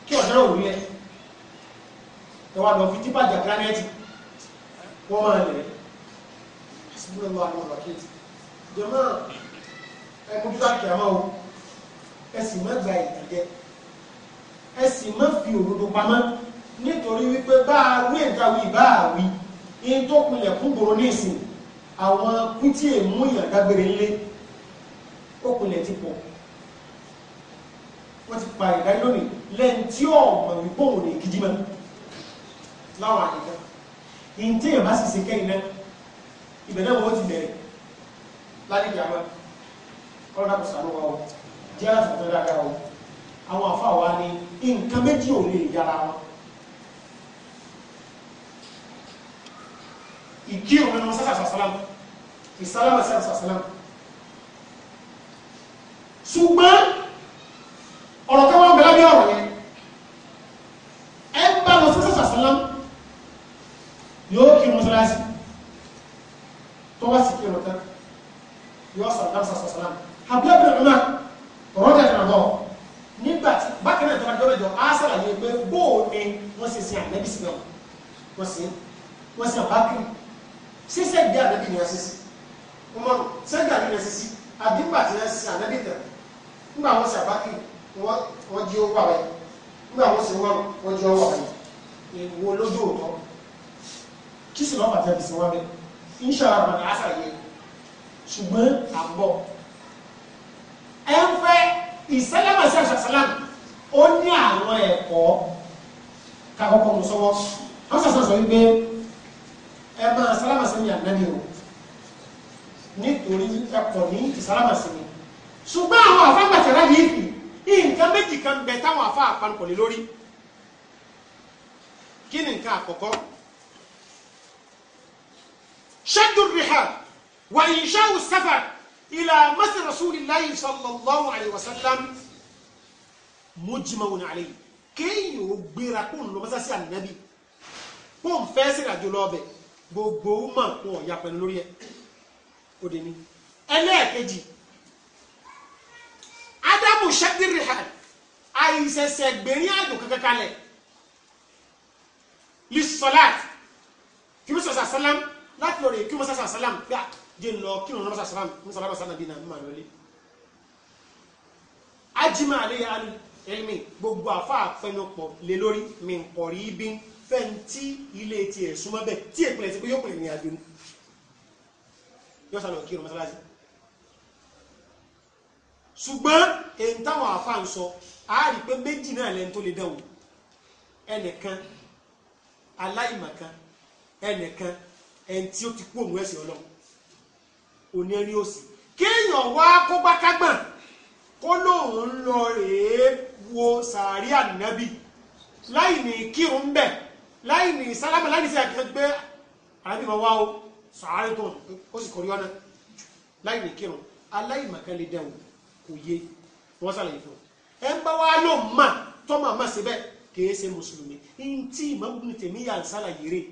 kí ọ̀dọ́ òwú yẹ ẹ wá lọ fi tipa jà granite wọ́n máa lẹ̀ ẹ́ àsìkò ẹ mójú tó àkìyà máa o ẹ sì má gba ìtàjẹ ẹ sì má fi òdodo pamọ́ nítorí wípé bá a wí ìtawí bá a wí in tó pinlẹ̀ fún gbòòrò ní ìsìn àwọn kútì èmú ìyàndágbére ńlé ó pinlẹ̀ ti pọ̀ wọ́n ti pa ìdáyé lónìí lẹ́yìn tí ọ̀mọ̀ wípé òun lè gidi mọ́ láwọn àdìgán ìyìn tí èèyàn bá sì ṣe kẹ́yìn náà ibẹ̀ náà ti bẹ̀rẹ̀ lálẹ́ ìjàmbá kọ́nà kò sànú wa o jẹ́ àtúntò dáadáa o àwọn àfa wa ni nǹkan méjì ò lè yára wọn. ìkí òun náà sàṣà sàṣàlám ìsàlámà sàṣà sàṣàlám ṣùgbọ́n ọ̀rọ̀ kan wá ń bẹ lábẹ́ ọ̀rọ̀ yẹn ẹ ń bá lọ sàṣà sàṣàlám yóò kí wọn sọ́lá sí tó bá sì kí wọn tán yóò sàlámà sàṣàlám abúlé ọmọ rọ́jà ìrànlọ́ nígbà tí bákan náà tọ́lájọ́ mẹ́jọ á sàlàyé pé bóò ni wọ́n sì sin àlẹ́bí sí náà wọ́n sin wọ́n sin àbákì sísẹ́ ìdí àlẹ́bí ni wọ́n sì sí ọmọ sẹ́gbẹ̀ àlẹ́bí ni wọ́n sì sí àbígbà tí wọ́n sin àlẹ́bí tẹ̀ nígbà wọ́n sin àbákì wọ́n jí owó àwẹ̀ nígbà wọ́n sin wọ́n jí owó àwẹ̀ ìwò lójú òtọ́ kí sì lọ́pàá tẹ̀ fi wọ́n bẹ́ẹ̀ ń ṣàràmà ṣùgbọ́n àbọ̀ ẹ ń fẹ́ ìsẹ́lẹ̀mọ̀ sí àṣà sálám ó ní àwọn ẹ̀kọ́ kakọ́kọ́ mú sọ́wọ́ wọ́n sàṣà sọ wípé ẹ máa sálámà sí mi ànábì o nítorí ẹ̀kọ́ ní ìsálámà sí ṣùgbọ́n àwọn àfáàgbàtẹ̀rá yìí fi nǹkan méjì kan bẹ táwọn إلى مثل رسول الله صلى الله عليه وسلم مجمع عليه kéèyàn ò gbéra kó ń lọ mọ́sásí ànábì kó ń fẹ́ sí ìrìnàjò lọ ọbẹ̀ gbogbo mà kó ọ̀yà pẹ̀lú lórí ẹ̀ ó dé ní. ẹlẹ́ẹ̀kejì ádámù ṣẹ́dírì hàn àìsẹ̀sẹ̀ gbèrín àjò kankan kalẹ̀ lisọ́láàtì kí wọ́n sọ̀sà sálám láti lọ rè kí wọ́n sọ̀sà sálám gbà jẹ́ ń lọ kí òun lọ́sà sàrán ní sàrán sàrán bí nàbí màlúwẹ́lé ajima àléyà ẹ̀mí gbogbo àfa àfẹnupọ̀ lé lórí mi nkọ̀ rí bí fẹ́ntì ilé tiẹ̀ súnmọ́ bẹ́ẹ̀ tí èpìlẹ̀ ti pé yóò pè ní àjò ní yóò sàlọ̀ kí òun mọ́sálásí ṣùgbọ́n èyí táwọn àfa ń sọ a rí pé méjì náà lẹ́nu tó lè dánwò ẹnìkan aláìmọ̀kan ẹnìkan ẹni tí ó ti kú òun ẹ̀sìn ọlọ́run onírin òsì kéèyàn wá kó gbákágbọ̀n kó lóun lọ rèé wo sàárì ànábì láì ní kírun bẹ̀ láì ní sálámà láì ní sí àgbẹ̀ ànábì máa wá o sàárì tó ó sì kọrí ọ̀nà láì ní kírun aláìmọ̀kan lè dẹ̀wò kò yé wọ́n sàlàyé fún un ẹ ń bá wá lò mà tọ́ màmá síbẹ̀ kì í ṣe mùsùlùmí ní tí tèmi yà ń rèé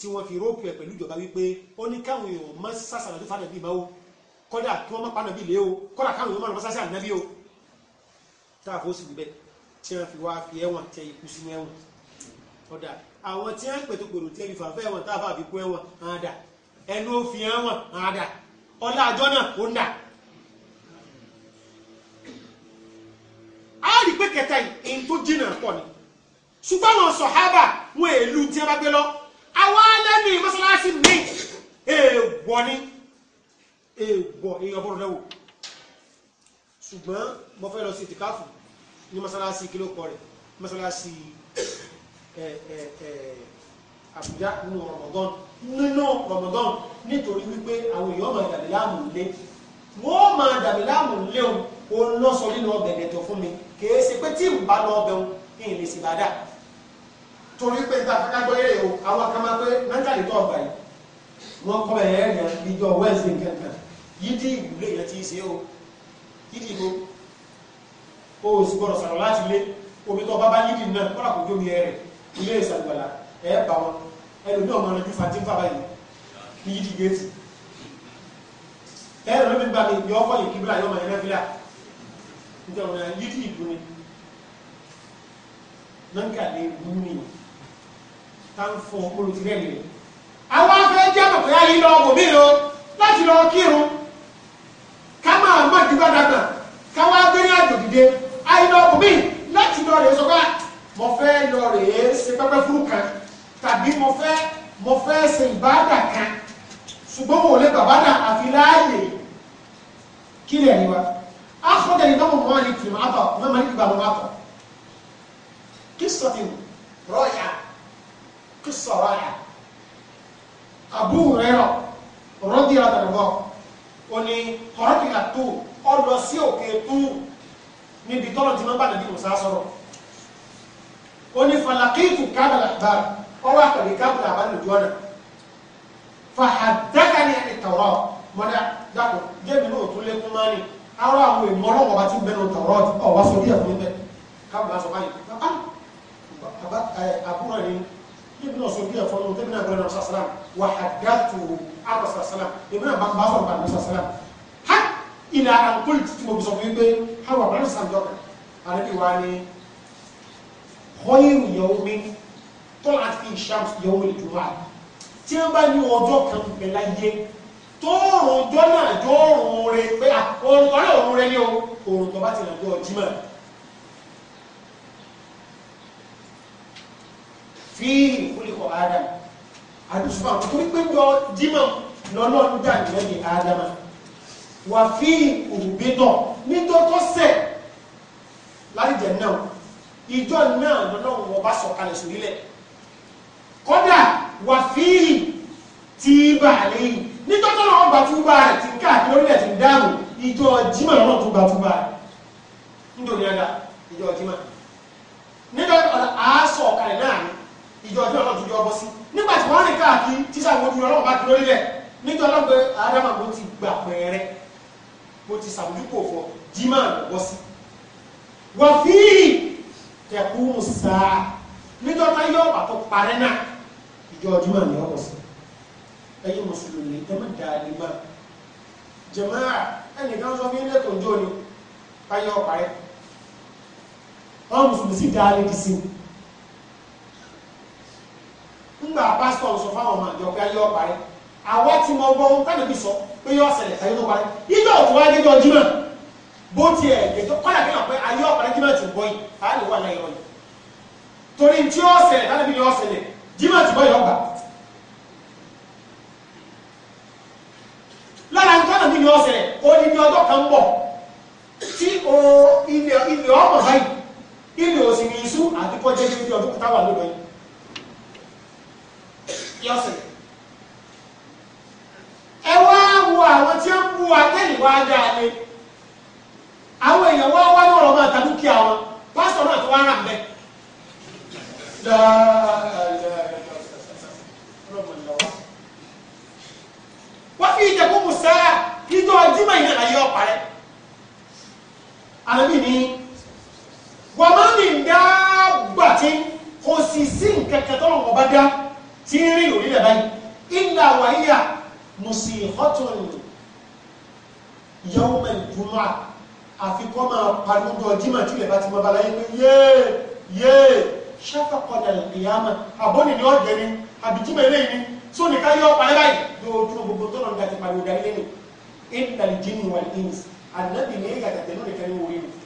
tí wọ́n fi róòpù ẹ̀ pẹ̀lú ìjọba wípé ó ní káwọn èèyàn má sàṣàlà tó fànàbí máa ó kọ́dà kí wọ́n má pa nàbí lé o kọ́dà káwọn èèyàn má lọ sàṣà nàbí o tá a fò sí níbẹ̀ tí wọ́n fi wá fi ẹ̀wọ̀n tẹ ikú sínú ẹ̀wọ̀n ọ̀dà àwọn tí wọ́n pètò pèrò tí ẹ̀rí fàfẹ́ ẹ̀wọ̀n tá a fà fi kú ẹ̀wọ̀n àdà ẹnu òfin ẹ̀wọ̀n àdà ọlá àjọ náà ó nà á rí pé kẹta yìí èyí tó jìnnà pọ̀ ni ṣùgbọ́n àwọn sọ̀hábà wọn èlú tí wọ́n bá lẹ́nu mọ́sálásí mi èèwọ̀ ni èèwọ̀ èèyàn bọ́rọ̀ lẹ́wọ̀ ṣùgbọ́n mo fẹ́ lọ sí ìtìkáfù ní mọ́sálásí kí ló kọ rẹ̀ mọ́sálásí àbújá nínú rọmọdán nínú rọmọdán nítorí wípé àwọn èèyàn máa dàbí láàmú ilé wọ́n máa dàbí láàmú ilé òun ó lọ́sọ nínú ọbẹ̀ ẹ̀dẹ̀tọ̀ fún mi kì í ṣe pé tí ń bá lọ ọbẹ̀ òun ní ìlẹ̀sìn bá dà torí pé níta fẹ́ kágbọ́ yẹ̀rẹ̀ o àwọn kan máa pé mẹ́tàlì tó ọgbà yìí wọ́n kọ́ ẹ̀ ẹ́ yẹn ìjọ wẹ́ẹ̀sì nǹkan yídí ìwúlé yẹn ti ṣe o yídí ìbò o sì gbọ́dọ̀ sàrọ̀ láti lé omi tó bá bá yídí náà kọ́lá kò jómi ẹ̀ rẹ̀ ilé ìsàlùbàlà ẹ̀ bá wọn ẹlòmí ọmọ rẹ̀ ju fatin fàbá yìí ní yídí géètì ẹ̀rọ ló fi gbà mí yọ ọkọ̀ yìí kíbílà yọ ọmọ yẹn lẹ́fílà nítorí yídí ìbò ni náà ń kà lé ìbú nìyí táwọn fọ olùtí rẹ̀ nìyẹn àwọn afẹ́ jẹ́ àmọ̀ pé ayé lọ wò mí o láti lọ kírun ká máa mọ̀ nígbà dàgbà ká wá gbé ní àjò dìde ayé lọ wò mí láti lọ rèé sọ pé mo fẹ́ lọ rèé ṣe pẹ́pẹ́ fúru kan tàbí mo fẹ́ mo fẹ́ ṣe ìbáàdà kan ṣùgbọ́n mo lè bàbá náà àfi láàyè kí lè rí wa akọ̀dẹ̀ ni báwo mọ́ ni kìlọ̀ àbọ̀ mọ́ mọ́ ni kìlọ̀ àbọ̀ mọ́ àbọ̀ kí sọ̀tì rọ̀ yà. في الصراحة أبو هريرة رضي الله عنه oni kọrọtì ka tó ọlọ sí òkè tó níbi tọrọ tí wọn bá nàbí musa sọ̀rọ̀ oni falakitu kábàlà àbára ọwọ àkàlẹ kábàlà àbára lójú ọ̀nà fàhàdákàní ẹni tọrọ mọdà dàpọ jẹmi náà tún lékún máa ní àwọn àwọn èèmọ ọlọ́pàá bá ti bẹnu tọrọ ọwọ sọ bí ẹkùn bẹ kábàlà sọ báyìí àbúrò ni kébí náà sojú ẹ̀fọ́ lóhun tẹ́bí náà gbọ́dọ̀ náà sàlám wà hàdàtù àbọ̀ sàlám èmi náà bá sọ̀rọ̀ bá náà sàlám ha ìlà àǹkólì tí mo sọ fún pé ha wà bá náà sàjọ kan àdébí wa ah, ni hóyìnrù yẹwò mi tọ́lá àti fi ìṣàmù yẹwò tí wọ́n bá ní ọjọ́ kan pẹ̀ láyé tóòrùn ọjọ́ náà jọ òòrùn rẹ pé ọ̀rọ̀ òòrùn ni o òòrùn tó fíìlì kúlìkọ̀ ádámù àdùsùpá torí pé jọ jímọ̀ lọ́nà ń dà nẹ́bí ádámà wà fíìlì òbítọ̀ nítòtò sẹ̀ láti jẹ̀ náà ìjọ náà lọ́nà wọn bá sọ̀kalẹ̀ sórílẹ̀ kọ́dà wà fíìlì tìbà lẹ́yìn nítòtò náà gbà túbà rẹ̀ tí káàkiri orílẹ̀ ti dáàbò ìjọ jímọ̀ lọ́nà tó gbà túbà rẹ̀ ada, ẹ̀dá jima. Ni nítorí ọ̀dà àásọ̀ kalẹ̀ náà ni ìjọ ọjọ́ náà tó jọ ọbọ sí nígbà tí wọ́n rìn káàkiri tíṣà wojú ọlọ́run bá kí lórílẹ̀ níjọ ọlọ́gbẹ adama mo ti gbà pẹ̀rẹ́ mo ti sàmójúkò fọ jimá bọ́ sí. wọ́n fi kẹ̀kú musa níjọ tá yọ bàtọ́ parẹ́ náà ìjọ jimá ni ọkọ̀ sí. ẹ̀yin mùsùlùmí tẹ́mọ̀ dáadé máa jẹ̀máà ẹnìkan sọ fún ilé tó ń jó ni ká ńgbà pásítọ̀ sọ fáwọn ọmọ ìjọ pé ayé ọ̀ parí àwa tí mo gbọ́ ohun tánà bí sọ pé yọ ọ̀sẹ̀lẹ̀ ayé tó parí ìjọ òtún wáyé jọ jímọ̀ bó ti ẹ̀ gẹ̀tọ́ kọ́lá kí wọ́n pé ayé ọ̀ parí jímọ̀ ti bọ́ yìí á lè wà láyé ọ̀yìn torí tí ó ṣẹlẹ̀ tánà bí yọ ọ̀sẹ̀lẹ̀ jímọ̀ ti bọ́ yọ gbà lára tánà bí yọ ọ̀sẹ̀lẹ̀ ó ní ní ọjọ́ kan bọ̀ tí ilẹ̀ ọmọ báyìí ilẹ̀ òsì yọ sẹlẹ̀ ẹ wá wo àwọn tí ó ń bu àtẹ̀yìnwá dáadé àwọn èèyàn wá wá lọ́rọ̀ máa ta dúkìá wọn pásítọ̀ náà tó wá rà bẹ́ẹ̀. wọ́n fi ìjẹ̀kú mu sáà ìjọ ọjímọ̀ ìyẹn láyé ọ̀parẹ́ àmì ní wọ́n máa ń dá gbàtí kò sì sí nǹkan kẹtọ́ ọ̀bá dá tí ń rìn lórí rẹ̀ báyìí ìlà wàyíyà mùsìlìkọ́tún yawm al-jumu'ah àfikọ́ máa pariwo jọ jímọ̀ tí ilẹ̀ bá ti mọ́ balaye pé yéé yéé ṣẹ́fẹ̀kọ́dà ìyáàmà àbọ́nì ni ọ̀jẹ̀ ni àbíjímọ̀ eléyìí ni tó nìkan yọ ọ̀pá láì yóò dúró gbogbo tó lọ́nà àti pariwo darí lẹ́nu ìdàlì jíni wal ní ìyàtàtẹ̀ lónìí kẹ́ni wòye nìkan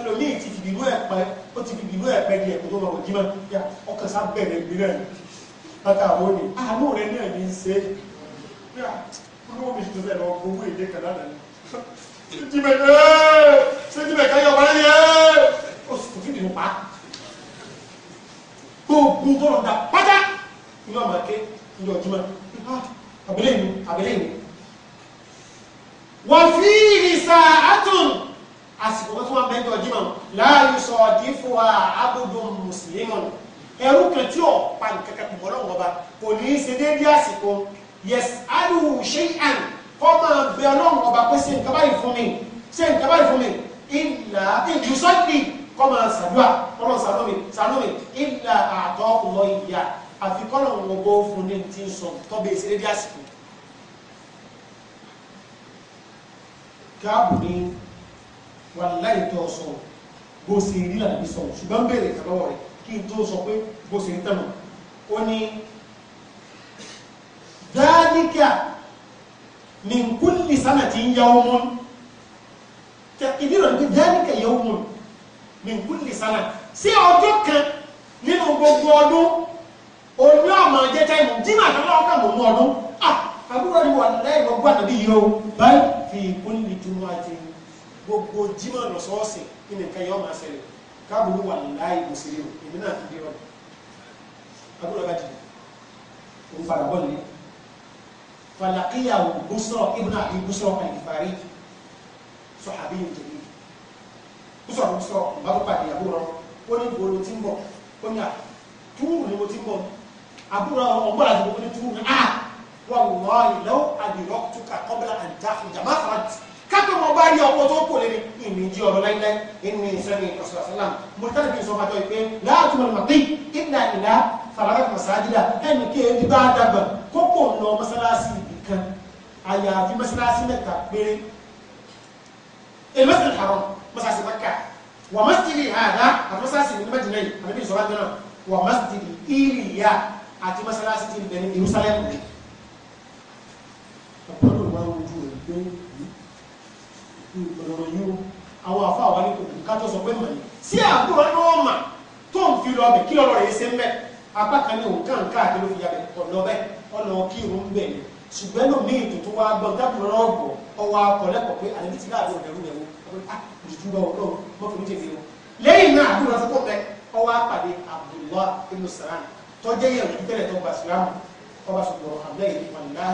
ẹlòmíì ti fìbínú ẹ̀ pẹ́ ó ti fìbínú ẹ̀ pẹ́ di ẹ̀kọ́ tó lọ́wọ́ jímọ̀ yá ọkàn sá bẹ̀rẹ̀ ìgbé náà ni bàtà àwọn òní àánú rẹ náà ní í ṣe yá olówó mi ti fẹ́ lọ owó èdè kan lánàá ni jímẹ̀ ẹ́ ṣé jímẹ̀ káyọ̀ bá yẹ ó sì fi dìbò pa gbogbo tọ̀rọ̀ da pátá inú àmàké ìjọ jímọ̀ ah, àbílẹ̀ ìlú àbílẹ̀ ìlú wà fí ìrìsà àtùn àsìkò tó wà mẹ́jọ jímọ̀ láàyè sọ ọdí fún wa abudu mùsùlùmí ẹrú kan tí ó pa nǹkan kan pọ̀ lọ́wọ́ ọba kò ní í ṣe déédéé àsìkò yes alu shay'an kọ́ máa bẹ ọlọ́run ọba pé ṣe nǹkan báyìí fún mi ṣe nǹkan báyìí fún mi ìlà ìjùsọ́ọ̀dì kọ́ máa ṣàdúrà ọlọ́run ṣàánú mi ṣàánú mi ìlà àtọ́ ọ̀lọ́ ìyá àfikọ́nà wọn bó fún ní ti ń sọ tọ́bẹ̀ ìṣe déédéé àsìkò gáàbù wà láìtọ́ sọ bó ṣe rí làbí sọ ṣùgbọ́n bèèrè kàbọ̀wọ̀ rẹ̀ kí n tó sọ pé bó ṣe rí tẹ̀nà ó ní dáníkà ní kúlì sánà tí ń yá ọmọ ìdí rẹ̀ pé dáníkà yá ọmọ ní kúlì sánà sí ọjọ́ kan nínú gbogbo ọdún oní ọmọ jẹ́ tẹ́mù jimá àtàlọ́ọ̀kà mọ̀ ọdún ah, gbogbo jímọ̀ lọ́sọ̀ọ̀sẹ̀ kí ni nǹkan yọ máa ṣẹlẹ̀ káàbùrú wà láì òṣèré o èmi náà fi dé ọ̀nà agbódò bá dìde òun padà bọ́ nílé falakiyahu busrọ ibùnà àbí busrọ alifari sọ̀hábí ìjẹ̀lẹ̀ busrọ busrọ bá tó pàdé àbúrò ó ní gbòòrò tí ń bọ̀ ó ní à túwù ni mo ti ń bọ̀ àbúrò ọgbọ́n àti gbogbo ní túwù ní à wà wọ́ọ̀ ìlọ́ àdìrọ́ túkà kọ́bílà àdáfíjà má fàájú kátó mo bá rí ọkọ tó kò lére ìmì jí ọ̀rọ̀ láíláí inú ìsẹ́ni ọ̀sọ̀rọ̀sọ́lá mọ̀tánà bí sọ fàtọ́ ìpé láàtú mọ̀lùmọ̀tì ìdá ìlà fàlàkà mọ̀sáájídà ẹnì kí ẹni bá dàgbà kókò lọ mọ́sálásí ibì kan àyàfi mọ́sálásí mẹ́ta péré èlòsìn àrùn mọ́sálásí mẹ́ka wà mọ́sítìrì àdá àti mọ́sálásí ní mẹ́jìnlẹ̀ yìí àti bí ìsọ̀rọ̀ àjọ́nà wà mọ́sítìrì ìrìyà àti mọ́sálásí ọ̀rọ̀ yóò àwọn àfa àwọn ní kòkòrò kájọ sọ pé màá sí àbúrò ní wọn mà tó ń fi lọ bẹ kí lọrọ rẹ ṣe ń bẹ apá kan ní òun kàn káàkiri ló fi yabẹ ọ̀nà bẹ ọ̀nà kí irun bẹ ni ṣùgbọ́n ní omi ètò tó wá gbọ́n dábùrọ̀ náà gbọ́ ọwọ́ akọ̀lẹ́kọ̀ọ́ pé àlejò ti láàbò ìdẹ̀rù rẹ̀ wò ọ̀pọ̀ ah ìdùdú bá wọn lọ́wọ́ mọ́ fi ní tèmi o lẹ́yìn náà àbúrò fún kọ́kẹ́ ọwọ́ apàdé Abdullah ibn Salam tọ́jẹ́ yẹ̀rù tẹ́lẹ̀ tó gbà sílámù ọba ṣùgbọ́n àbẹ́yẹ̀ wàlúwà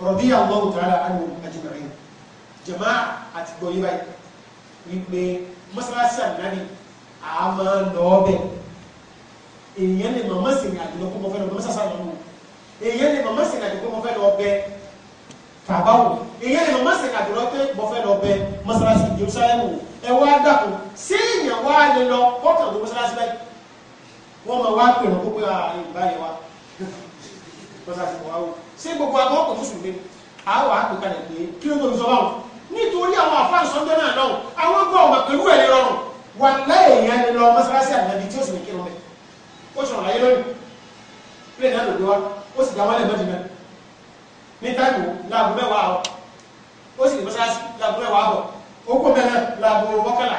rọ̀bí Allahu ta'ala anhu ajma'in jama'a àti gbọ́yí báyìí wípé mọ́sálásí ànábì a máa lọ́ọ́bẹ̀ èèyàn lè màmá sì rìn àjò lọ́kọ́ mọ́fẹ́ lọ́bẹ̀ mọ́sálásí ànábì èèyàn lè màmá sì rìn àjò mọ́fẹ́ lọ́bẹ̀ kàbáwò èèyàn lè màmá sì rìn àjò lọ́kọ́ mọ́fẹ́ lọ́bẹ̀ mọ́sálásí Jerusalem ẹ wá dàpọ̀ sí èèyàn wá lè lọ kọ́kàn ló mọ́sálásí báyìí wọ́n máa wá pè kó pé àìbáyẹ̀wá ah, mọ́sálásí wọ́n ṣé gbogbo àwọn ọkọ̀ mùsùlùmí àwọn àpèkalẹ̀ pé kí ló ń sọ báwọn nítorí àwọn àfáàsọ́jọ́ náà lọ́wọ́ àwọn gbọ́ ọmọ pẹ̀lú ẹ̀ rọrùn wà lẹ́yìn ẹni lọ mọ́sálásí àgbàdì tí ó sì ní kírun mẹ́ ó ṣọ̀rọ̀ láyé lónìí plẹ̀ náà lòdì wá ó sì dáwọ́lẹ̀ mọ́dì mẹ́ ní táìmù láàbù mẹ́wàá àwọ̀ ó sì ní mọ́sálásí láàbù mẹ́wàá àbọ̀ ó kó mẹ́rẹ́ láàbù mọ́kànlá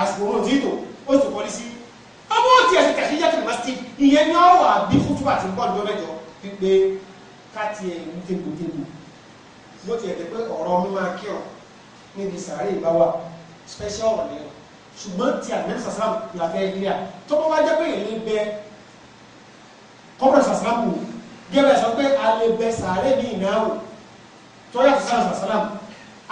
àsìkò òun tí tò ó sì kọ́ sí ọmọ òtí ẹ̀sìn kàṣíyàtì káti ẹ̀rù tẹ́gbòtẹ́gbò bó ti ẹ̀dẹ̀ pé ọ̀rọ̀ ọmọ máa kí ọ níbi sàárè ìbáwà special ọ̀rọ̀ lẹ́rọ ṣùgbọ́n ti àmẹ́rin sàsàlám làfẹ́ ilé à tó bọ́ bá jẹ́ pé èyí bẹ kọ́mọ̀ sàsàlám wò gẹ́gẹ́ sọ pé a lè bẹ sàárè ní ìnáwó tó yà sàsàlám sàsàlám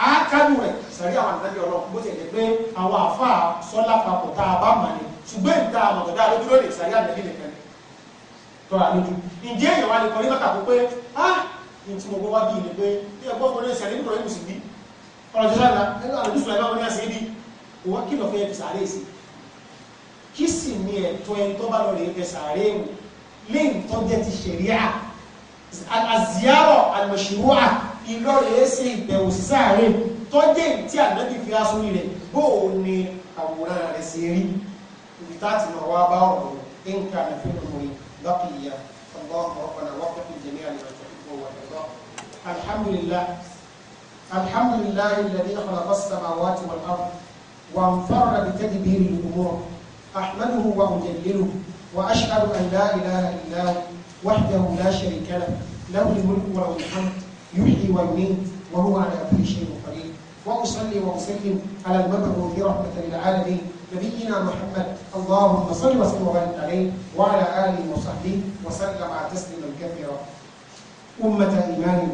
á kájú rẹ̀ sàárè àwọn àdájọ́ ọ̀rọ̀ bó ti ẹ̀dẹ̀ pé àwọn àfáà sọ́lá papọ̀ tá a bá mà ṣùgbọ́n ìta tọ́ àlójú ǹjẹ́ èèyàn wá lè kọ́ ní ah ní tí mo gbọ́ wá bí ní pé bí ẹgbọ́n mo ní ẹsẹ̀ ní ìbùrọ̀ ìmùsì bí ọ̀rọ̀ tó sára ẹgbẹ́ àlójú sùn ẹgbẹ́ mo ní ẹsẹ̀ bí òwò kí lọ fẹ́ fi sàárè sí kí sì ni ẹ̀tọ́ ẹni tó bá lọ rèé fẹ́ sàárè wò léyìn tó jẹ́ ti ṣẹ̀ríà àzíárọ̀ àlùmọ̀ṣìwọ́ à ìlọ́rẹ̀ẹ́ sí ìbẹ̀wò sí sàárè tó jẹ́ tí ànábì fi aṣọ rẹ̀ bóò ni àwòrán rẹ̀ sí rí ibi táàtì náà wá bá ọ̀rọ̀ nǹkan àfihàn rẹ̀ بقية اللهم ربنا وفق الجميع لما تحبه وترضاه الحمد لله الحمد لله الذي خلق السماوات والأرض وانفر بتدبير الأمور أحمده وأجلله وأشهد أن لا إله إلا هو وحده لا شريك له له الملك وله الحمد يحيي ويميت وهو على كل شيء قدير وأصلي وأسلم على المبعوث رحمة للعالمين نبينا محمد اللهم صل وسلم وبارك عليه وعلى اله وصحبه وسلم على تسليما كثيرا امه ايمان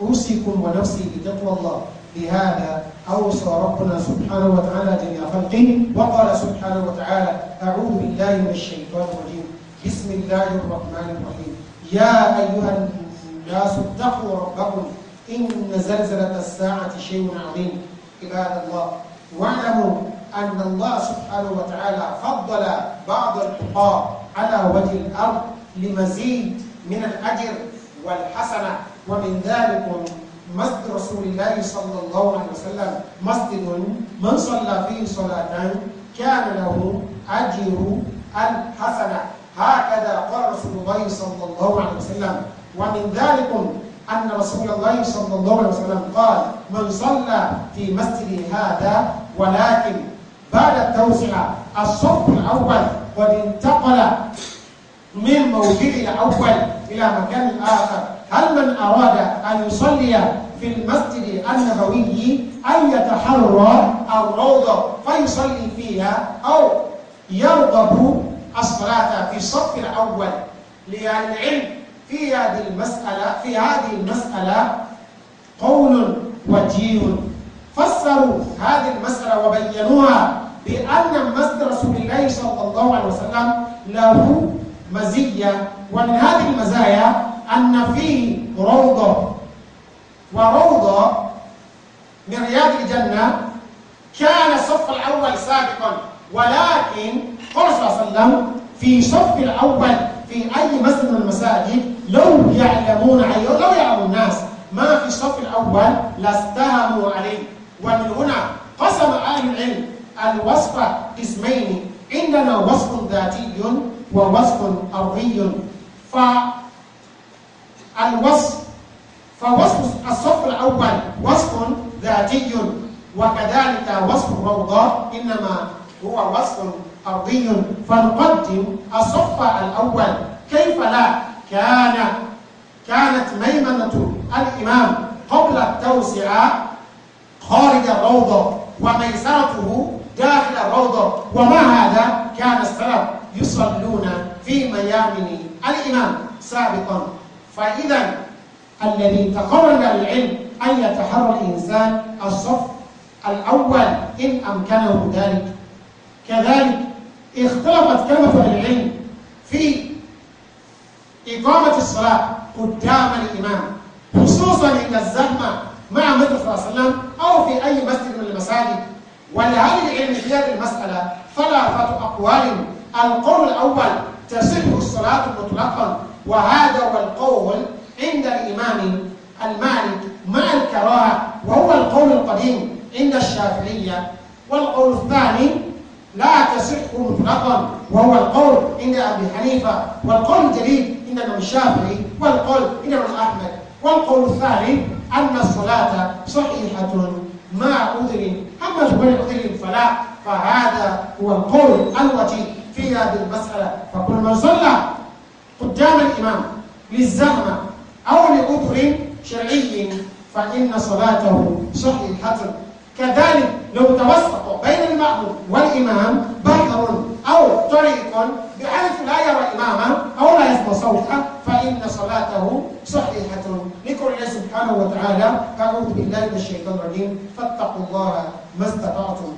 اوصيكم ونفسي بتقوى الله بهذا أوصى ربنا سبحانه وتعالى جميع خلقه وقال سبحانه وتعالى أعوذ بالله من الشيطان الرجيم بسم الله الرحمن الرحيم يا أيها الناس اتقوا ربكم إن زلزلة الساعة شيء عظيم عباد الله واعلموا أن الله سبحانه وتعالى فضل بعض التقاة على وجه الأرض لمزيد من الأجر والحسنة ومن ذلك مسجد رسول الله صلى الله عليه وسلم مسجد من صلى فيه صلاة كان له أجر الحسنة هكذا قال رسول الله صلى الله عليه وسلم ومن ذلك أن رسول الله صلى الله عليه وسلم قال من صلى في مسجد هذا ولكن بعد التوسعة الصف الأول قد انتقل من موجه الأول إلى مكان آخر هل من أراد أن يصلي في المسجد النبوي أن يتحرر الروضة فيصلي فيها أو يرغب الصلاة في الصف الأول لأهل العلم في هذه المسألة في هذه المسألة قول وجيه فسروا هذه المسألة وبينوها بأن مسجد رسول الله صلى الله عليه وسلم له مزية ومن هذه المزايا أن فيه روضة وروضة من رياض الجنة كان الصف الأول سابقا ولكن قال صلى الله عليه وسلم في صف الأول في أي مسجد من المساجد لو يعلمون عليه لو يعلم الناس ما في الصف الأول لاستهموا عليه ومن هنا قسم أهل العلم الوصف اسمين عندنا وصف ذاتي ووصف أرضي فالوصف فوصف الصف الأول وصف ذاتي وكذلك وصف الروضة إنما هو وصف أرضي فنقدم الصف الأول كيف لا كان كانت ميمنة الإمام قبل التوسعة خارج الروضة وميسرته داخل الروضة ومع هذا كان السلف يصلون في ميامن الإمام سابقا فإذا الذي تقرر العلم أن يتحرى الإنسان الصف الأول إن أمكنه ذلك كذلك اختلفت كلمة العلم في إقامة الصلاة قدام الإمام خصوصا عند الزحمة مع النبي صلى الله عليه وسلم أو في أي مسجد من المساجد ولهذه العلم في هذه المسألة ثلاثة أقوال القول الأول تصح الصلاة مطلقا وهذا هو القول عند الإمام المالك مع الكراهة وهو القول القديم عند الشافعية والقول الثاني لا تصح مطلقا وهو القول عند أبي حنيفة والقول الجديد عند الإمام الشافعي والقول عند الإمام أحمد والقول الثالث أن الصلاة صحيحة ما عذر أما جمهور القيم فلا فهذا هو القول الوجيه في هذه المسألة فكل من صلى قدام الإمام للزغمة أو لعذر شرعي فإن صلاته صحيحة كذلك لو توسط بين المأموم والإمام بحر أو طريق بحيث لا يرى إماما أو لا يسمع صوتا فإن صلاته صحيحة لكل الله سبحانه وتعالى أعوذ بالله من الشيطان الرجيم فاتقوا الله ما استطعتم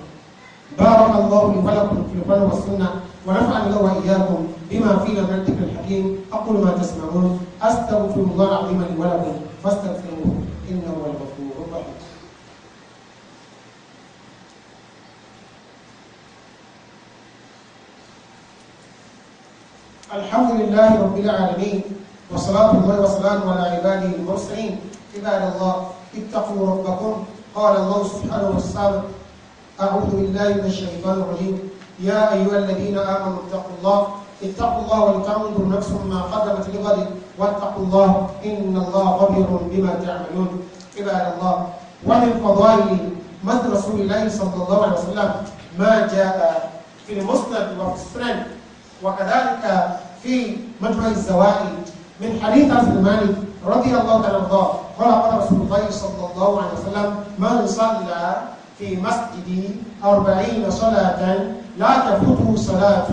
بارك الله لي ولكم في القرآن والسنة ونفعنا الله وإياكم بما فينا من الذكر الحكيم أقول ما تسمعون أستغفر الله العظيم لي ولكم فاستغفروه إنه هو الغفور الحمد لله رب العالمين وصلاة الله وسلام على عباده المرسلين عباد الله اتقوا ربكم قال الله سبحانه وتعالى أعوذ بالله من الشيطان الرجيم يا أيها الذين آمنوا اتقوا الله اتقوا الله ولتنظر نفس ما قدمت لغد واتقوا الله إن الله خبير بما تعملون عباد الله ومن فضائل مثل رسول الله صلى الله عليه وسلم ما جاء في المسند وفي السنن وكذلك في مجمع الزوائد من حديث عبد بن مالك رضي الله تعالى عنه قال قال رسول الله صلى الله عليه وسلم من صلى في مسجدي أربعين صلاة لا تفوته صلاة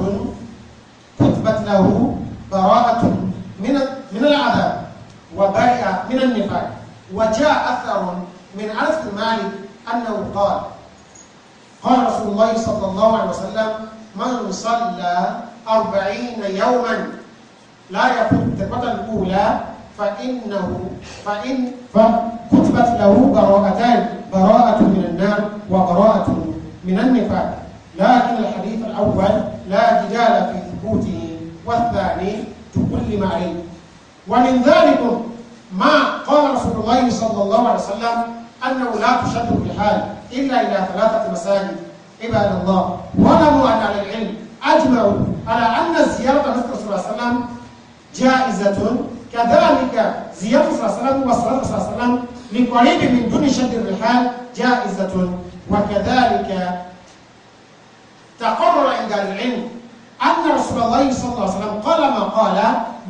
كتبت له براءة من من العذاب وبرئ من النفاق وجاء أثر من أنس بن مالك أنه قال قال رسول الله صلى الله عليه وسلم من صلى أربعين يوما لا يفوت التربة الأولى فإنه فإن فكتبت له براءتان براءة من النار وبراءة من النفاق لكن الحديث الأول لا جدال في ثبوته والثاني تكلم عليه ومن ذلك ما قال رسول الله صلى الله عليه وسلم أنه لا تشد الرحال إلا إلى ثلاثة مساجد عباد الله ولم أن على العلم أجمعوا على أن زيارة النبي صلى الله عليه وسلم جائزة كذلك زيارة صلى الله عليه وسلم والصلاة صلى الله عليه وسلم لقريب من دون شد الرحال جائزة وكذلك تقرر عند العلم أن رسول الله صلى الله عليه وسلم قال ما قال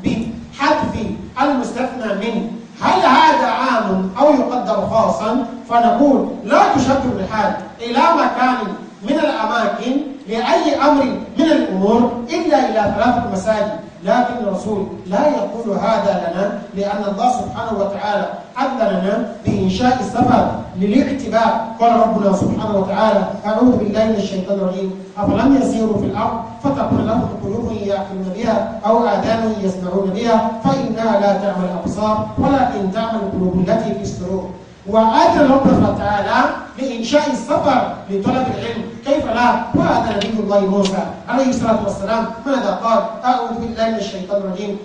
بحذف المستثنى منه هل هذا عام أو يقدر خاصا فنقول لا تشد الرحال إلى مكان من الأماكن لأي أمر من الأمور إلا إلى ثلاثة مساجد لكن الرسول لا يقول هذا لنا لأن الله سبحانه وتعالى أذن لنا بإنشاء السفر للاعتبار قال ربنا سبحانه وتعالى أعوذ بالله من الشيطان الرجيم أفلم يسيروا في الأرض فتكون لهم قلوب يعقلون بها أو آذان يسمعون بها فإنها لا تعمل الأبصار ولكن تعمل القلوب التي في الصدور وآتى رب تعالى بإنشاء السفر لطلب العلم كيف لا وهذا نبي الله موسى عليه الصلاة والسلام ماذا قال أعوذ بالله من الشيطان الرجيم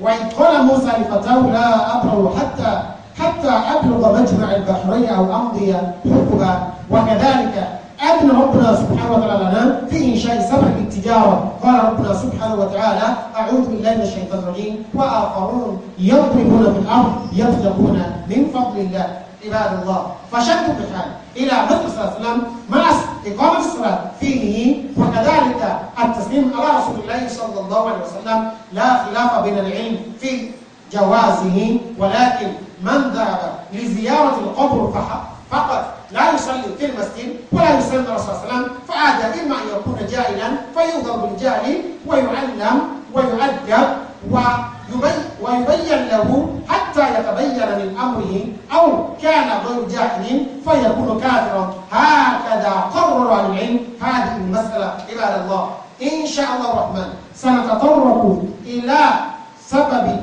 وإذ قال موسى لفتاه لا أبرو حتى حتى أبلغ مجمع البحرين أو أمضي حقبا وكذلك أن ربنا سبحانه وتعالى لنا في إنشاء سبع التجارة قال ربنا سبحانه وتعالى أعوذ بالله من الشيطان الرجيم وآخرون يضربون في الأرض يبتغون من فضل الله عباد الله فشد الرحال إلى الرسول صلى الله عليه وسلم مع إقامة الصلاة فيه وكذلك التسليم على رسول الله صلى الله عليه وسلم لا خلاف بين العلم في جوازه ولكن من ذهب لزيارة القبر فحق فقط لا يصلي في المسجد ولا يسلم الرسول صلى الله عليه وسلم فعاد إما أن يكون جاهلا فينظر بالجاهل ويعلم ويؤدب ويبين, ويبين له حتى يتبين من أمره أو كان غير جاهل فيكون كافرا هكذا قرر العلم هذه المسألة عباد الله إن شاء الله الرحمن سنتطرق إلى سبب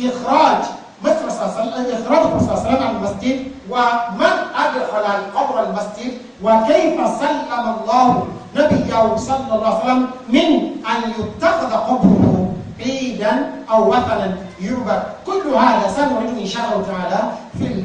إخراج مثل الرسول صلى الله عليه وسلم إخراج الرسول صلى الله عليه وسلم عن المسجد ومن أدخل القبر المسجد وكيف سلم الله نبيه صلى الله عليه وسلم من أن يتخذ قبره عيدا أو وثنا يعبد كل هذا سنريد إن شاء الله تعالى في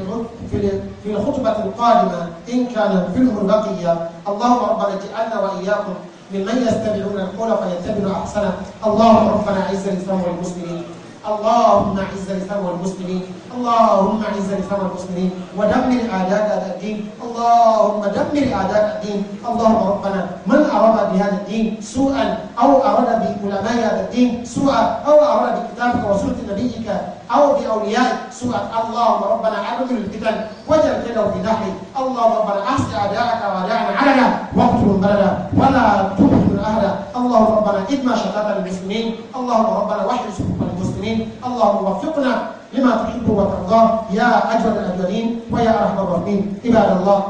في الخطبة القادمة إن كان في البقية اللهم ربنا اجعلنا وإياكم ممن يستمعون القول فيتبعون أحسنه اللهم ربنا أعز الإسلام والمسلمين اللهم اعز الاسلام والمسلمين اللهم اعز الاسلام والمسلمين ودمر اعداء الدين اللهم دمر اعداء الدين اللهم ربنا من اراد بهذا الدين سوءا او اراد بعلماء هذا الدين سوءا او اراد بكتابك وسنه نبيك أو في أولياء سوء اللهم ربنا عبد من الفتن واجعل كيده في نحري اللهم ربنا أحصي أعداءك وأعداءنا عددا واقتلهم بلدا ولا تبهد أهدا اللهم ربنا إدم شتات المسلمين اللهم ربنا وحي صفوف المسلمين اللهم وفقنا لما تحب وترضى يا أجود الأجودين ويا أرحم الراحمين عباد الله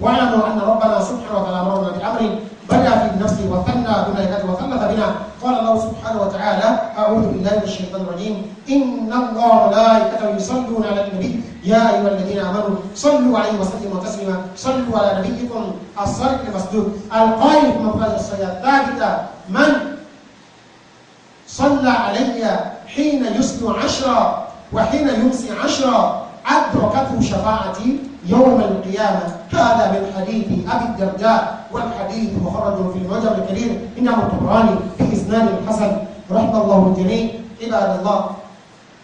واعلموا أن ربنا سبحانه وتعالى أمرنا بأمر بلى في النفس وثنى هنالك وثلث بنا قال الله سبحانه وتعالى اعوذ بالله من الشيطان الرجيم ان الله ملائكته يصلون على النبي يا ايها الذين امنوا صلوا عليه وسلموا تسليما صلوا على نبيكم الصادق المصدوق القائل في مقال الصلاه من صلى علي حين يسلو عشرا وحين يمسي عشرا ادركته شفاعتي يوم القيامة هذا من حديث أبي الدرداء والحديث مخرج في المجر الكريم إنه الطبراني في إسناد الحسن رحمة الله الجميع عباد الله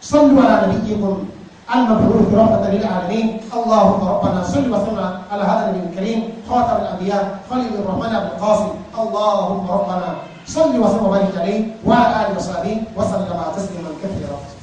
صلوا على نبيكم المبعوث رحمة للعالمين اللهم ربنا صل وسلم على هذا النبي الكريم خاتم الأنبياء خليل الرحمن بن القاسم اللهم ربنا صل وسلم وبارك عليه وعلى آله وصحبه وسلم تسليما كثيرا